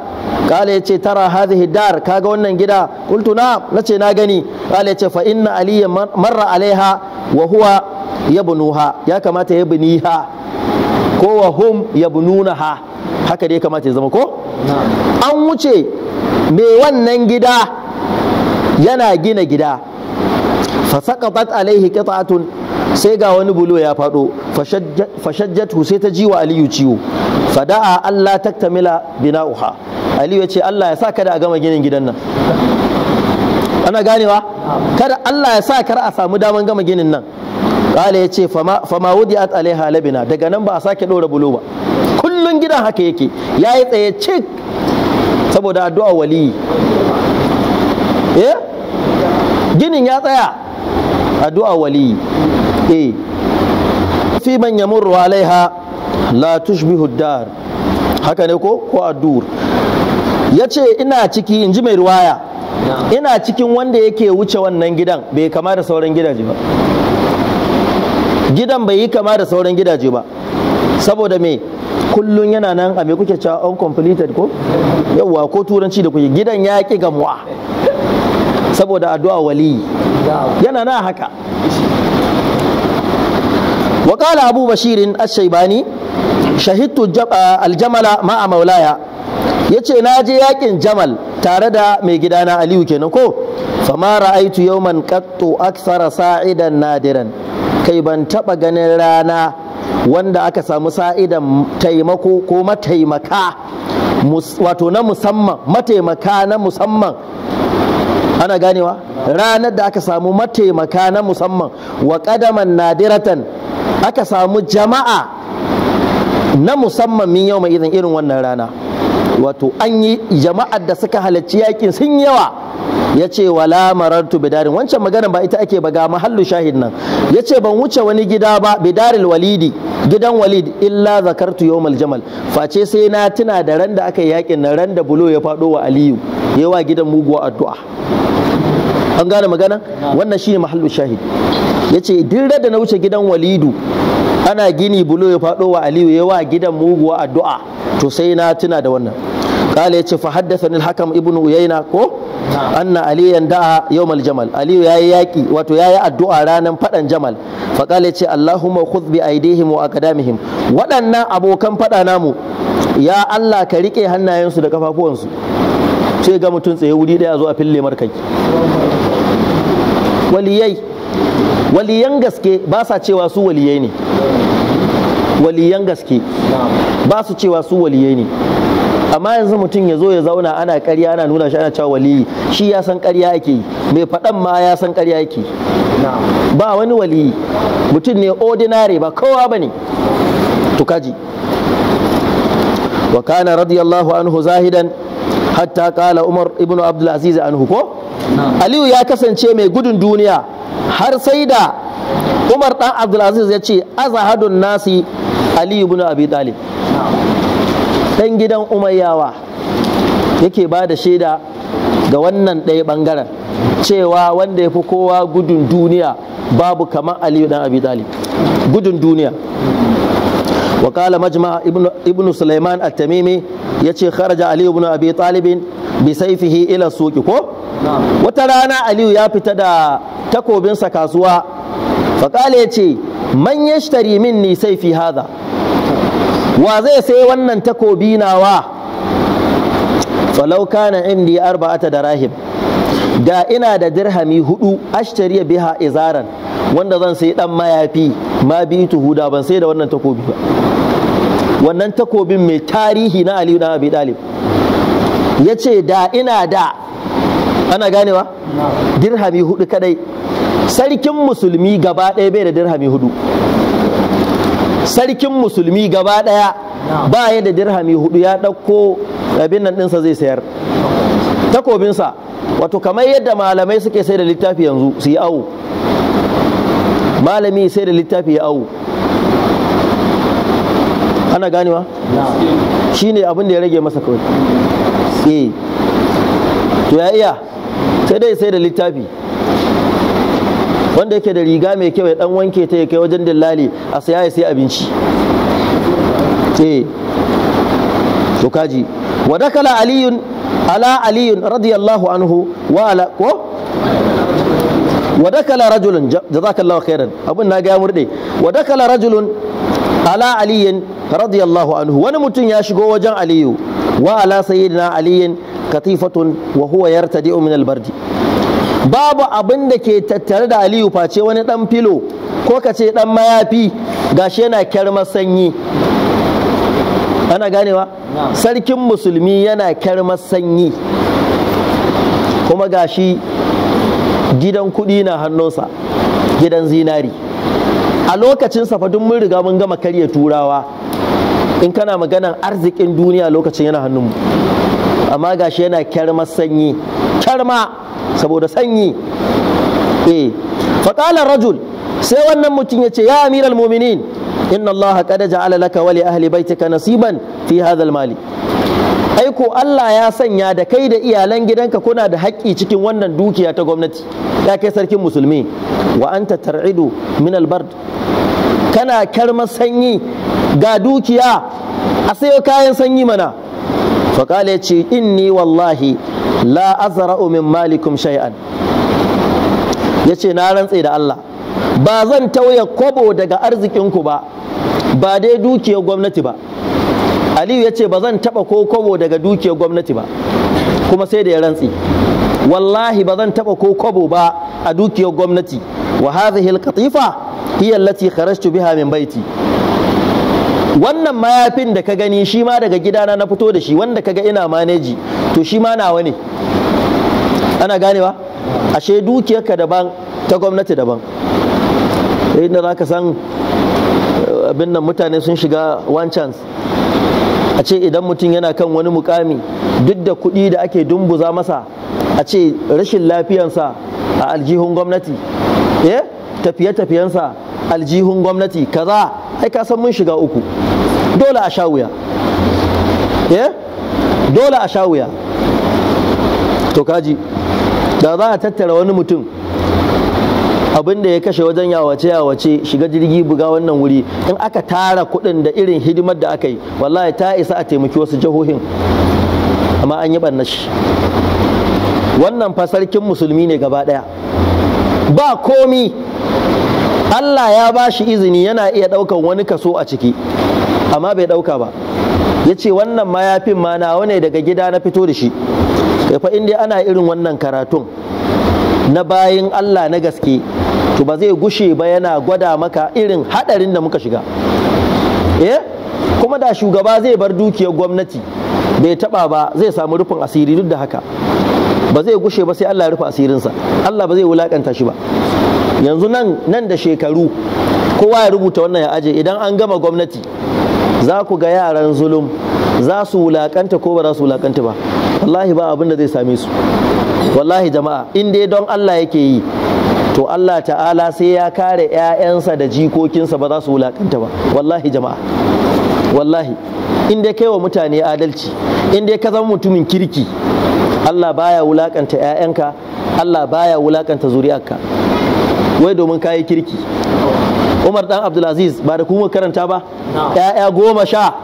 kala ce tara hadhihi dar kaga wannan gida Kultuna na nace na gani kala ce fa inna aliya marra alaiha wa huwa yabnuha ya kamata ya ha, ko wa hum yabnunaha haka dai kamata ya zama ko an wuce me wannan gida yana gina gida fasaqatat alaihi qita'atun sai ga wani bulo ya faɗo fashajjatu sai ta jiwa aliyu ciwo fada'a Allah taktamila bina'uha aliyu ya ce Allah ya sa kada a gama ginin gidan nan ana ganewa kada Allah ya sa kar a samu daman gama ginin nan kala ya ce fama wudi'at alaiha labina daga nan ba a sake ɗora bulo ba kullun gidan haka yake ya yi tsaye cik saboda addu'a waliyi eh ginin ya tsaya addu'a wali A: eh. fi man yamurru alaiha la tushbihu dar haka ne ko ko adur yace ina ciki inji mai ruwaya ina cikin wanda yake wuce wannan gidan bai kama da sauran gidaje ba gidan bai yi kama da sauran gidaje ba saboda me kullun yana nan a me kuke cewa uncompleted ko yawwa ko turanci da kuke gidan ya ki gamuwa saboda addu'a waliyi yana na haka wa qala abu bashirin ash-shaybani shahidtu ah, al-jamala ma'a maulaya yace na je yakin jamal tare da mai gidana aliyu kenan ko fama ra'aitu yawman qattu akthara sa'idan nadiran kai ban taba ganin rana wanda aka samu sa'idan taimako ko mataimaka wato na musamman mataimaka na musamman ana ganewa ranar da aka samu mataimaka na musamman wa kadaman nadiratan aka samu jama'a na musamman min yau mai irin wannan rana wato an yi jama'ar da suka halarci yakin sun yawa ya ce lamarar tu bidarin wancan magana ba ita ake baga ga mahallu shahid nan ya ce ban wuce wani gida ba bidaril walidi gidan walidi illa zakartu yawmal jamal face sai na tuna da ran da aka yi yakin nan ran da bulo ya faɗo wa aliyu yawa gidan muguwa addu'a an gane magana wannan shine mahallu shahid yace duk da na wuce gidan walidu ana gini bulo ya faɗo wa aliyu yawa gidan muguwa addu'a to sai na tuna da wannan قال يتي فحدثني الحكم ابن أيينة كو أن علي دعا يوم الجمل علي يا ياكي واتو يا الدعاء رانا فتن جمل فقال يتي اللهم خذ بأيديهم وأقدامهم ودنا أبو كم فتنامو يا الله كريكي هنا ينسو دكفا فونسو sai ga mutum tsaye wuri daya zo a fille markai waliyai waliyan gaske ba sa cewa su waliyai ne waliyan gaske ba su cewa su waliyai ne amma yanzu mutum ya zo ya zauna ana karya ana nuna shi ana cewa waliyi shi ya san karya yake yi mai faɗan ma ya san karya yake ba wani waliyi mutum ne ordinary ba kowa ba ne tukaji wa kana radiyallahu anhu zahidan hatta kala umar ibn abdulaziz anhu ko aliyu ya kasance mai gudun duniya har sai da umar dan abdulaziz ya ce azahadun nasi aliyu ibn abi talib dan gidan umayyawa yake ba da shaida ga wannan ɗaya bangaren, cewa wanda ya fi kowa gudun duniya babu kamar aliyu dan abi talib gudun duniya wa qala majma ibn sulaiman at-tamimi ce kharaja ali ibn abi talib bi sayfihi ila suqi ko wata rana aliyu ya fita da takobinsa kasuwa faƙala ya ce man yashtari minni sayfi hadha wa zai sai wannan takobi nawa falau na indi arba'ata darahim da ina da dirhami hudu ashtariya biha izaran wanda zan sayi dan mayafi ma biyu bi tuhuda ban sai da wannan takobi ba wannan takobin mai tarihi na aliyu na abi dalib ya ce da ina da ana ganewa dirhami hudu kadai sarkin musulmi gaba ɗaya bai da dirhami hudu sarkin musulmi gaba ɗaya ba ya da dirhami hudu ya ɗauko abin nan ɗinsa zai sayar takobinsa wato kamar yadda malamai suke sai da littafi yanzu su yi awo malami sai da littafi ya awo ana ganewa shi ne abin da ya rage masa kawai eh to ya iya sai dai sai da littafi wanda yake da riga mai kyau ya dan wanke ta ya kai wajen dillali a saya ya sai abinci eh to kaji wa dakala aliyun ala aliyun radiyallahu anhu wa ala ko wa dakala rajulun jazakallahu khairan abun na ga murde wa dakala rajulun ala aliyin radiyallahu anhu wani mutum ya shigo wajen aliyu wa ala sayyidina aliyin katifatun wa huwa yartadi'u min albardi babu abin da ke tattare da aliyu face wani dan filo ko ka ce dan mayafi gashi yana kyarmar sanyi ana ganewa sarkin musulmi yana kyarmar sanyi kuma gashi gidan kudi na hannunsa gidan zinari a lokacin sa fa duk mun riga mun gama karya turawa in kana maganan arzikin duniya lokacin yana hannun mu amma gashi yana kyarmar sanyi kyarma saboda sanyi E, faqala rajul sai wannan mutum ya ce ya amiral mu'minin inna Allah qad ja'ala laka wa li ahli baitika nasiban fi hadha mali aiko Allah ya sanya da kai da iyalan gidanka kuna da haƙƙi cikin wannan dukiya ta gwamnati ya kai sarkin musulmi wa anta tar'idu min albard kana karma sanyi ga dukiya a sayo kayan sanyi mana faƙale yace ce inni wallahi la azra'u min malikum shay'an ya ce na rantse da Allah ba zan tauye kwabo daga arzikinku ba ba dai dukiyar gwamnati ba aliyu ya ce ba zan taɓa ko kwabo daga dukiyar gwamnati ba kuma sai da ya rantse wallahi ba zan taba ko kwabo ba a dukiyar gwamnati wa hadhihi hiya allati kharajtu biha min baiti wannan mayafin da ka gani shi ma daga gidana na fito da shi wanda kaga ina maneji to shi ma nawa ne ana ganewa ashe dukiyarka daban ta gwamnati daban inda za san eh, abin nan mutane sun shiga one chance a ce idan mutum yana kan wani mukami duk da kuɗi da ake dumbuza masa a ce rashin lafiyansa a aljihun gwamnati eh tafiye-tafiyensa aljihun gwamnati kaza ai ka san mun shiga uku dole a sha wuya eh dole a sha wuya to kaji da za a tattara wani mutum abin da ya kashe wajen yawace yawace shiga jirgi buga wannan wuri in aka tara kuɗin da irin hidimar da aka yi wallahi ta isa a taimaki wasu jihohin amma an yi ɓannashi wannan fasarkin musulmi ne gaba ɗaya ba komi Allah ya ba shi izini yana iya ɗaukan wani kaso a ciki amma bai ɗauka ba ya ce wannan mayafin ma nawa ne daga gida na fito da shi fa inda ana irin wannan karatun na bayin Allah na gaske to ba zai gushe ba yana gwada maka irin haɗarin da muka shiga eh kuma da shugaba zai bar dukiyar gwamnati bai taɓa ba zai samu rufin asiri duk da haka ba zai gushe ba sai Allah ya rufe asirinsa Allah ba zai wulakanta shi ba yanzu nan nan da shekaru kowa ya rubuta wannan ya aje idan an gama gwamnati za ku ga yaran zulum za su wulakanta ko ba za su wulakanta ba wallahi ba abin da zai same su wallahi jama'a in dai don Allah yake yi to Allah ta'ala sai ya kare 'ya'yansa da jikokinsa ba za su wulakanta ba wallahi jama'a wallahi in dai kai wa mutane adalci in dai ka zama mutumin kirki Allah baya wulakanta 'ya'yanka Allah baya wulakanta zuri'arka wai domin kayi kirki Umar dan Abdulaziz ba da kuma karanta ba ƴaƴa goma sha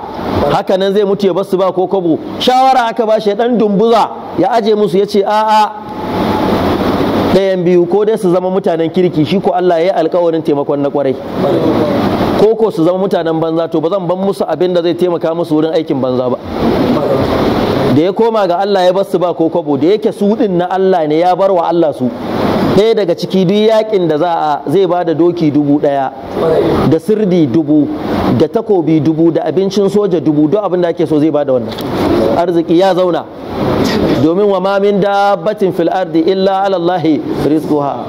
haka nan zai mutu ya basu ba ko kobo shawara aka ba shi dan dumbuza ya aje musu ya ce a'a ɗayan biyu ko dai su zama mutanen kirki shi ko Allah ya yi alkawarin taimakon na kwarai ko ko su zama mutanen banza to ba zan ban musu abin da zai taimaka musu wurin aikin banza ba da ya koma ga Allah ya basu ba ko kwabo da yake su din na Allah ne ya bar wa Allah su ɗaya daga ciki duk yakin da za a zai ba da doki dubu ɗaya da sirdi dubu da takobi dubu da abincin soja dubu duk abin da ake so zai ba da wannan arziki ya zauna domin wa mamin da fil ardi illa alallahi rizquha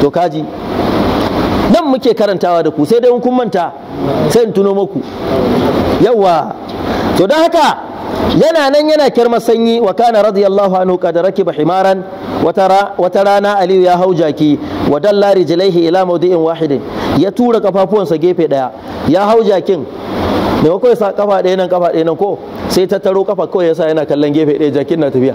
to kaji nan muke karantawa da ku sai dai kun manta sai in tuno muku yawa to don haka yana nan yana kirma sanyi wa kana radiyallahu anhu qad rakiba himaran wata rana aliyu ya hau jaki wa dalla rijlaihi ila mawdi'in wahidin ya tura kafafuwansa gefe daya ya hau jakin da kawai sa kafa ɗaya nan kafa ɗaya nan ko sai ta taro kafa kawai yasa yana kallon gefe ɗaya jakin na tafiya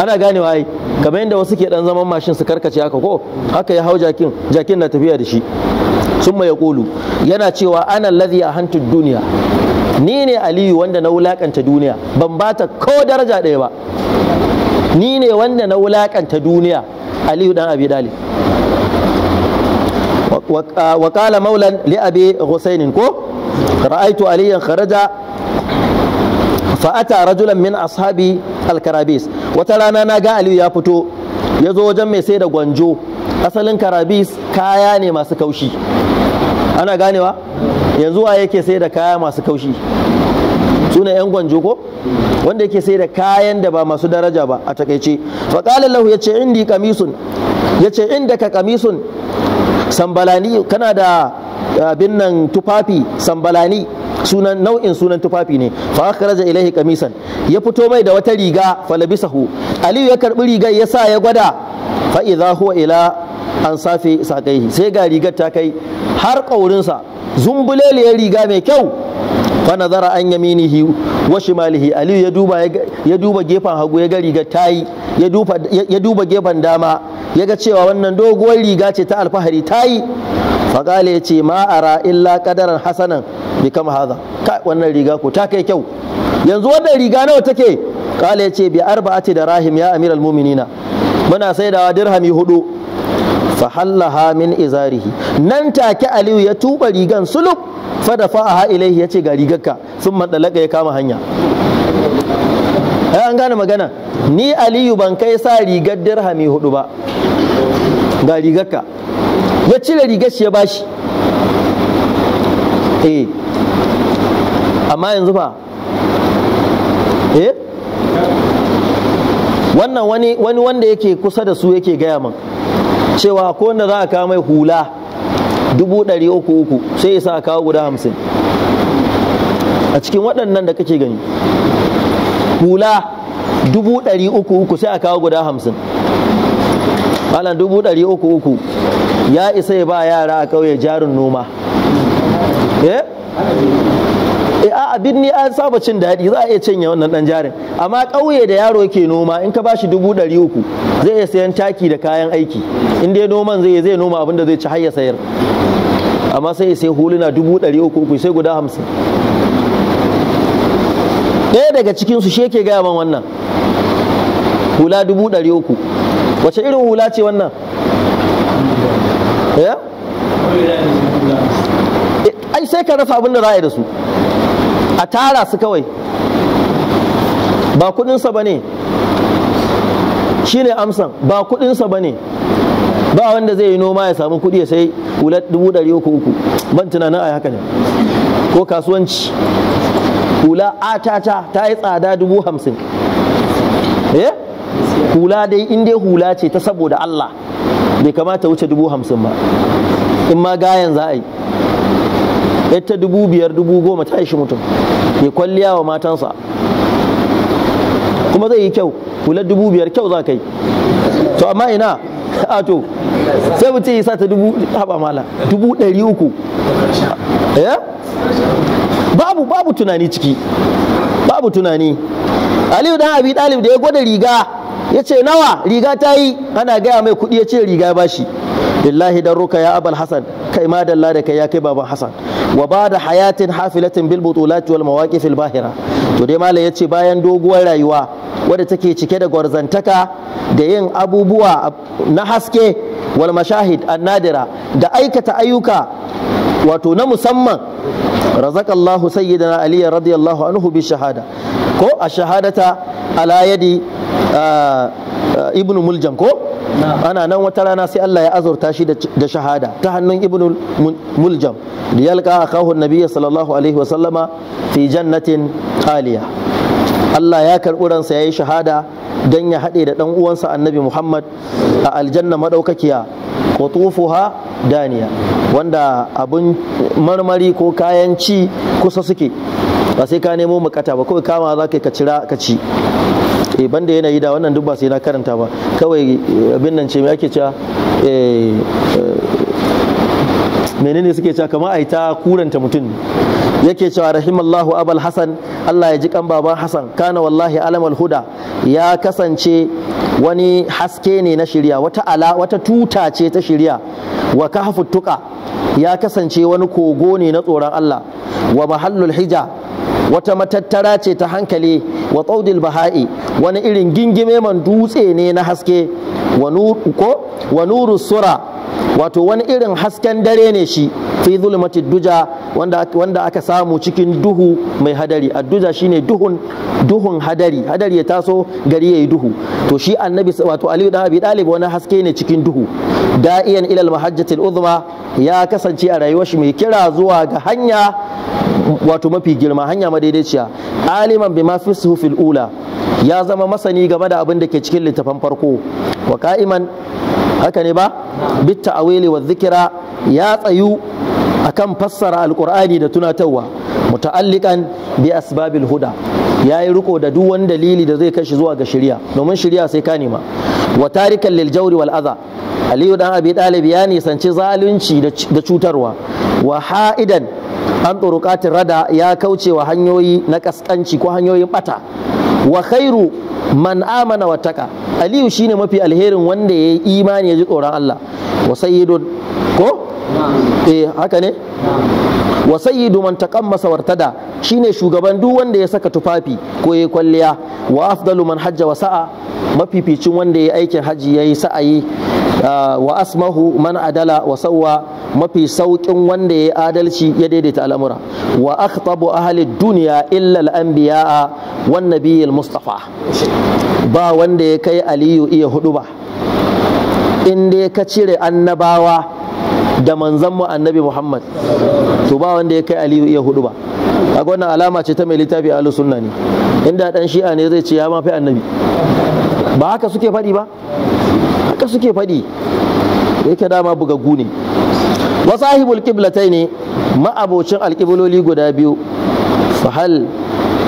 ana ganewa ai kamar yadda wasu ke dan zaman mashin su karkace haka ko haka ya hau jakin jakin na tafiya da shi summa ya yana cewa ana a ahantu duniya ni ne aliyu wanda na wulakanta duniya ban ba ta ko daraja ɗaya ba ni ne wanda na wulakanta duniya aliyu dan abi dalib wa maulan li abi husainin ko ra'aitu aliyan kharaja fa'ata rajulan min ashabi alkarabis wata rana na ga aliyu ya fito ya zo wajen mai sai da gwanjo asalin karabis kaya ne masu kaushi ana ganewa yanzu wa yake sai da kaya masu kaushi suna yan gwanjo ko wanda yake sai da kayan da ba masu daraja ba a takaice fa qala lahu yace indi qamisun yace indaka qamisun sambalani kana da abin nan tufafi sambalani sunan nau'in sunan tufafi ne fa akhraja ilaihi qamisan ya fito mai da wata riga falabisahu aliyu ya karbi rigar ya sa ya gwada fa idza huwa ila an safe sakai sai ga rigar ta kai har ƙaurinsa ya riga mai kyau fa nazara an yaminihi wa shimalihi aliyu ya duba ya duba gefen hagu ya ga rigar ta ya ya duba gefen dama ya ga cewa wannan doguwar riga ce ta alfahari tayi fa qala ya ce ma ara illa qadaran hasanan bi kama haza wannan riga ko ta kai kyau yanzu wannan riga nawa take qala ya ce bi arba'ati da rahim ya amiral mu'minina muna saidawa dirhami hudu fahallaha min izarihi nan take aliyu ya tuba rigan suluk fa'aha ilaihi yace ga rigarka sun madalaka ya kama hanya eh, an gane magana ni aliyu ban kai sa rigar dirhami hudu ba ga rigarka ya cire rigar shi ya bashi eh amma yanzu fa eh wannan wani wani wanda yake kusa da su yake gaya min cewa ko wanda za a kawo mai hula dubu ɗari uku uku sai isa a kawo guda hamsin a cikin waɗannan da kake gani hula dubu ɗari uku uku sai a kawo guda hamsin malam dubu ɗari uku uku ya isa ya ba yara a ƙauye jarin noma eh ce eh, a birni an saba cin daɗi za a iya cinye wannan ɗan jarin amma ƙauye da yaro yake noma in ka bashi dubu ɗari uku zai iya sayan taki da kayan aiki in dai noman zai zai noma abin da zai ci har ya sayar amma sai sai huluna dubu ɗari uku uku sai guda hamsin ɗaya daga cikin su sheke gaya man wannan hula dubu ɗari uku wace irin hula ce wannan eh? Eh, ai sai ka rasa abin da za a yi da su a tara su kawai ba kudinsa ba ne shi ne amsan ba kudinsa ba ne ba wanda zai yi noma ya samu kudi ya sai hular dubu ɗari uku uku ban tunanin a haka ne ko kasuwanci hula atata ta yi tsada dubu hamsin eh hula dai in dai hula ce ta saboda Allah bai kamata wuce dubu hamsin ba in ma gayan za a yi ita dubu biyar dubu goma ta ishi mutum ya kwalliya wa matansa kuma zai yi kyau hular dubu biyar kyau za ka yi to amma ina a to sai mutum ya sa ta dubu haɓa mala dubu ɗari uku eh? babu babu tunani ciki babu tunani aliyu dan abi dalib da ya gwada riga ya ce nawa riga ta yi ana gaya mai kuɗi ya ce riga ba shi billahi dan ruka ya abal hasan kai ma dalla da kai ya kai baban hasan wa ba da hayatin hafilatin bil butulati wal mawaqif al bahira to dai malam ce bayan doguwar rayuwa wadda take cike da gwarzantaka da yin abubuwa na haske wal mashahid an nadira. da aikata ayyuka wato na musamman razaqallahu sayyidina ali radiyallahu anhu bi shahada ko a shahadata ala yadi ah, ah, ibnu muljam ko ana nan wata rana sai Allah ya azurta shi da shahada ta hannun ibnul muljam da yalqa akahu nabiyyi sallallahu alaihi wasallama fi jannatin aliya Allah ya karɓi ransa ya yi shahada don ya haɗe da ɗan uwansa annabi Muhammad a aljanna madaukakiya qutufuha daniya wanda abin marmari ko kayan ci kusa suke ba sai ka nemo makata ba kawai kama za ka ka cira ka ci eh banda yanayi da wannan duk ba sai na karanta ba kawai eh, abin nan ce me ake cewa eh, eh, menene suke cewa kamar a ta kuranta mutum yake cewa rahimallahu abal Hassan. Allah ya ji kan baban hasan kana wallahi alamal huda ya kasance wani haske ne na shirya wata ala wata tuta ce ta shirya wa kahfu tuka ya kasance wani kogo ne na tsoron Allah wa mahallul hija wata matattara ce ta hankali wa tsaudil baha'i wani irin gingime man dutse ne na haske wa nuru sura wato wani irin hasken dare ne shi fi zulmati duja wanda, aka samu cikin duhu mai hadari adduja shine duhun duhun hadari hadari ya taso gari yayi duhu to shi annabi wato aliyu dan abi dalib wani haske ne cikin duhu da'iyan ilal mahajjatil uzma ya kasance a rayuwar shi mai kira zuwa ga hanya wato mafi girma hanya madaidaiciya aliman bima fi suhufil ula ya zama masani game da abin da ke cikin littafan farko wa ka'iman haka ne ba Bitta Awele wa zikira ya tsayu akan fassara alqur'ani da tunatarwa muta'alliqan bi asbabil huda ya yi riko da duk wani dalili da zai kashi zuwa ga shari'a domin shari'a sai ka nema wa tarikan liljauri jawri wal adha aliyu dan abi talib ya nisanci zalunci da cutarwa wa ha'idan an turuqatir rada ya kauce wa hanyoyi na kaskanci ko hanyoyin bata wa khairu man amana wa taka aliyu shine mafi alherin wanda ya yi imani ya ji tsoron Allah wa sayyidun ko eh haka ne wa sayyidu man taqammasa wartada shine shugaban duk wanda ya saka tufafi ko ya kwalliya wa afdalu man hajja wa sa'a mafificin wanda ya yi aikin haji yayi sa'ayi Ah, wa asmahu man adala wa sawwa mafi saukin wanda ya adalci ya daidaita al'amura wa akhtabu ahli dunya illa al-anbiya wan al mustafa ba wanda ya kai aliyu iya hudu ba in dai ka cire annabawa da manzon mu annabi muhammad to ba wanda ya kai aliyu iya hudu ba kaga wannan alama ce ta mai littafi ahlus sunna ne inda dan shi'a ne zai ce ya ma fi annabi ba haka suke faɗi ba haka suke faɗi da yake dama bugaggu ne wa sahibul qiblatai ne ma'abocin alƙibloli guda biyu fa hal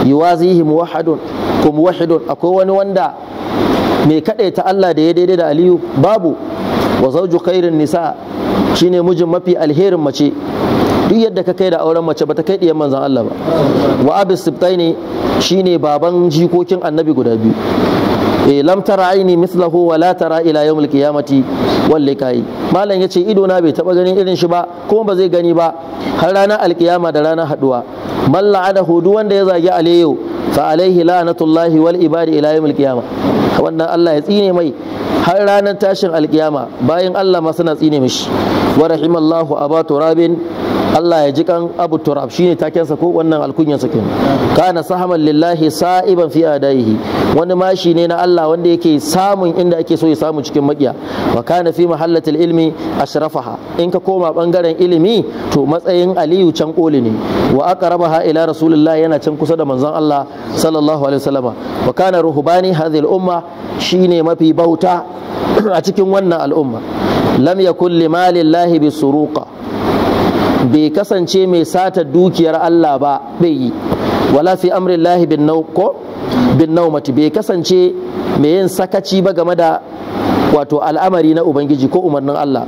yuwazihi muwahhidun kum wahidun akwai wani wanda mai ta Allah da ya daidai da Aliyu babu wa zawju khairin nisa shine mijin mafi alherin mace duk yadda ka kai da auren mace ba ta kai diyan manzon Allah ba wa abis sibtaini shine baban jikokin annabi guda biyu eh lam tara aini mislahu wa la tara ila yawmil qiyamati ya kai malam yace ido na bai taba ganin irin shi ba kuma ba zai gani ba har ranar alkiyama da ranar haduwa man la'ana hudu wanda ya zagi alayhi fa Alayhi, la'natullahi wal ibadi ila yawmil qiyama wannan Allah ya tsine mai har ranar tashin alkiyama bayan Allah masu na tsine mishi wa rahimallahu abatu rabin Allah ya ji kan Abu Turab shine sa ko wannan sa ke kana sahaman lillahi sa'iban fi adaihi wani mashi ne na Allah wanda yake samun inda ake so ya samu cikin makiya wa kana fi mahallatil ilmi ashrafaha in ka koma bangaren ilimi to matsayin Aliyu can koli ne wa aqrabaha ila rasulillah yana can kusa da manzon Allah sallallahu alaihi wasallama wa kana ruhbani hadhihi al-umma shine mafi bauta a cikin wannan al'umma lam yakul limalillahi bisuruqa bai kasance mai sata dukiyar Allah ba bai yi wala fi amrillahi bin nau ko bin naumati bai kasance mai yin sakaci ba game da wato al'amari na ubangiji ko umarnin Allah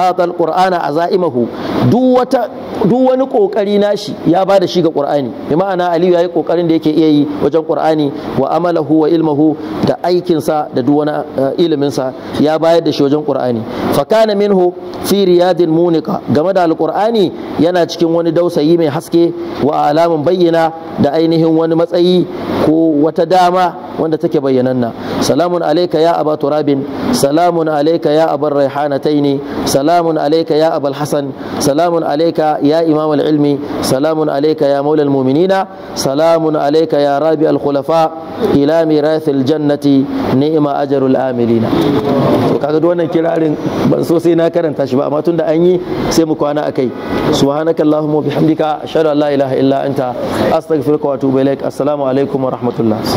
atal qur'ana azaimahu duk wata duk wani kokari nashi ya bada shi ga qur'ani bi ma'ana aliyu yayi kokarin da yake iya yi wajen qur'ani wa amalahu wa ilmuhu da aikin sa da duk wani eh, ilimin sa ya bayar da shi wajen qur'ani fa kana minhu fi riyadin munika game da alqur'ani yana cikin wani dausayi mai haske wa alamun bayyana da ainihin wani matsayi ko wata dama wanda take bayyananna salamun alayka ya aba turabin salamun alayka ya abar raihanatain salamun alayka ya abal hasan salamun alayka ya imam al ilmi salamun alayka ya maula al mu'minina salamun alayka ya rabi al khulafa ila mirath al jannati ni'ma ajrul amilina to kaga duk wannan kirarin ban so sai na karanta shi ba amma tunda an yi sai mu kwana akai subhanakallahumma bihamdika ashhadu an la ilaha illa anta astaghfiruka wa atubu ilaik assalamu alaikum wa rahmatullah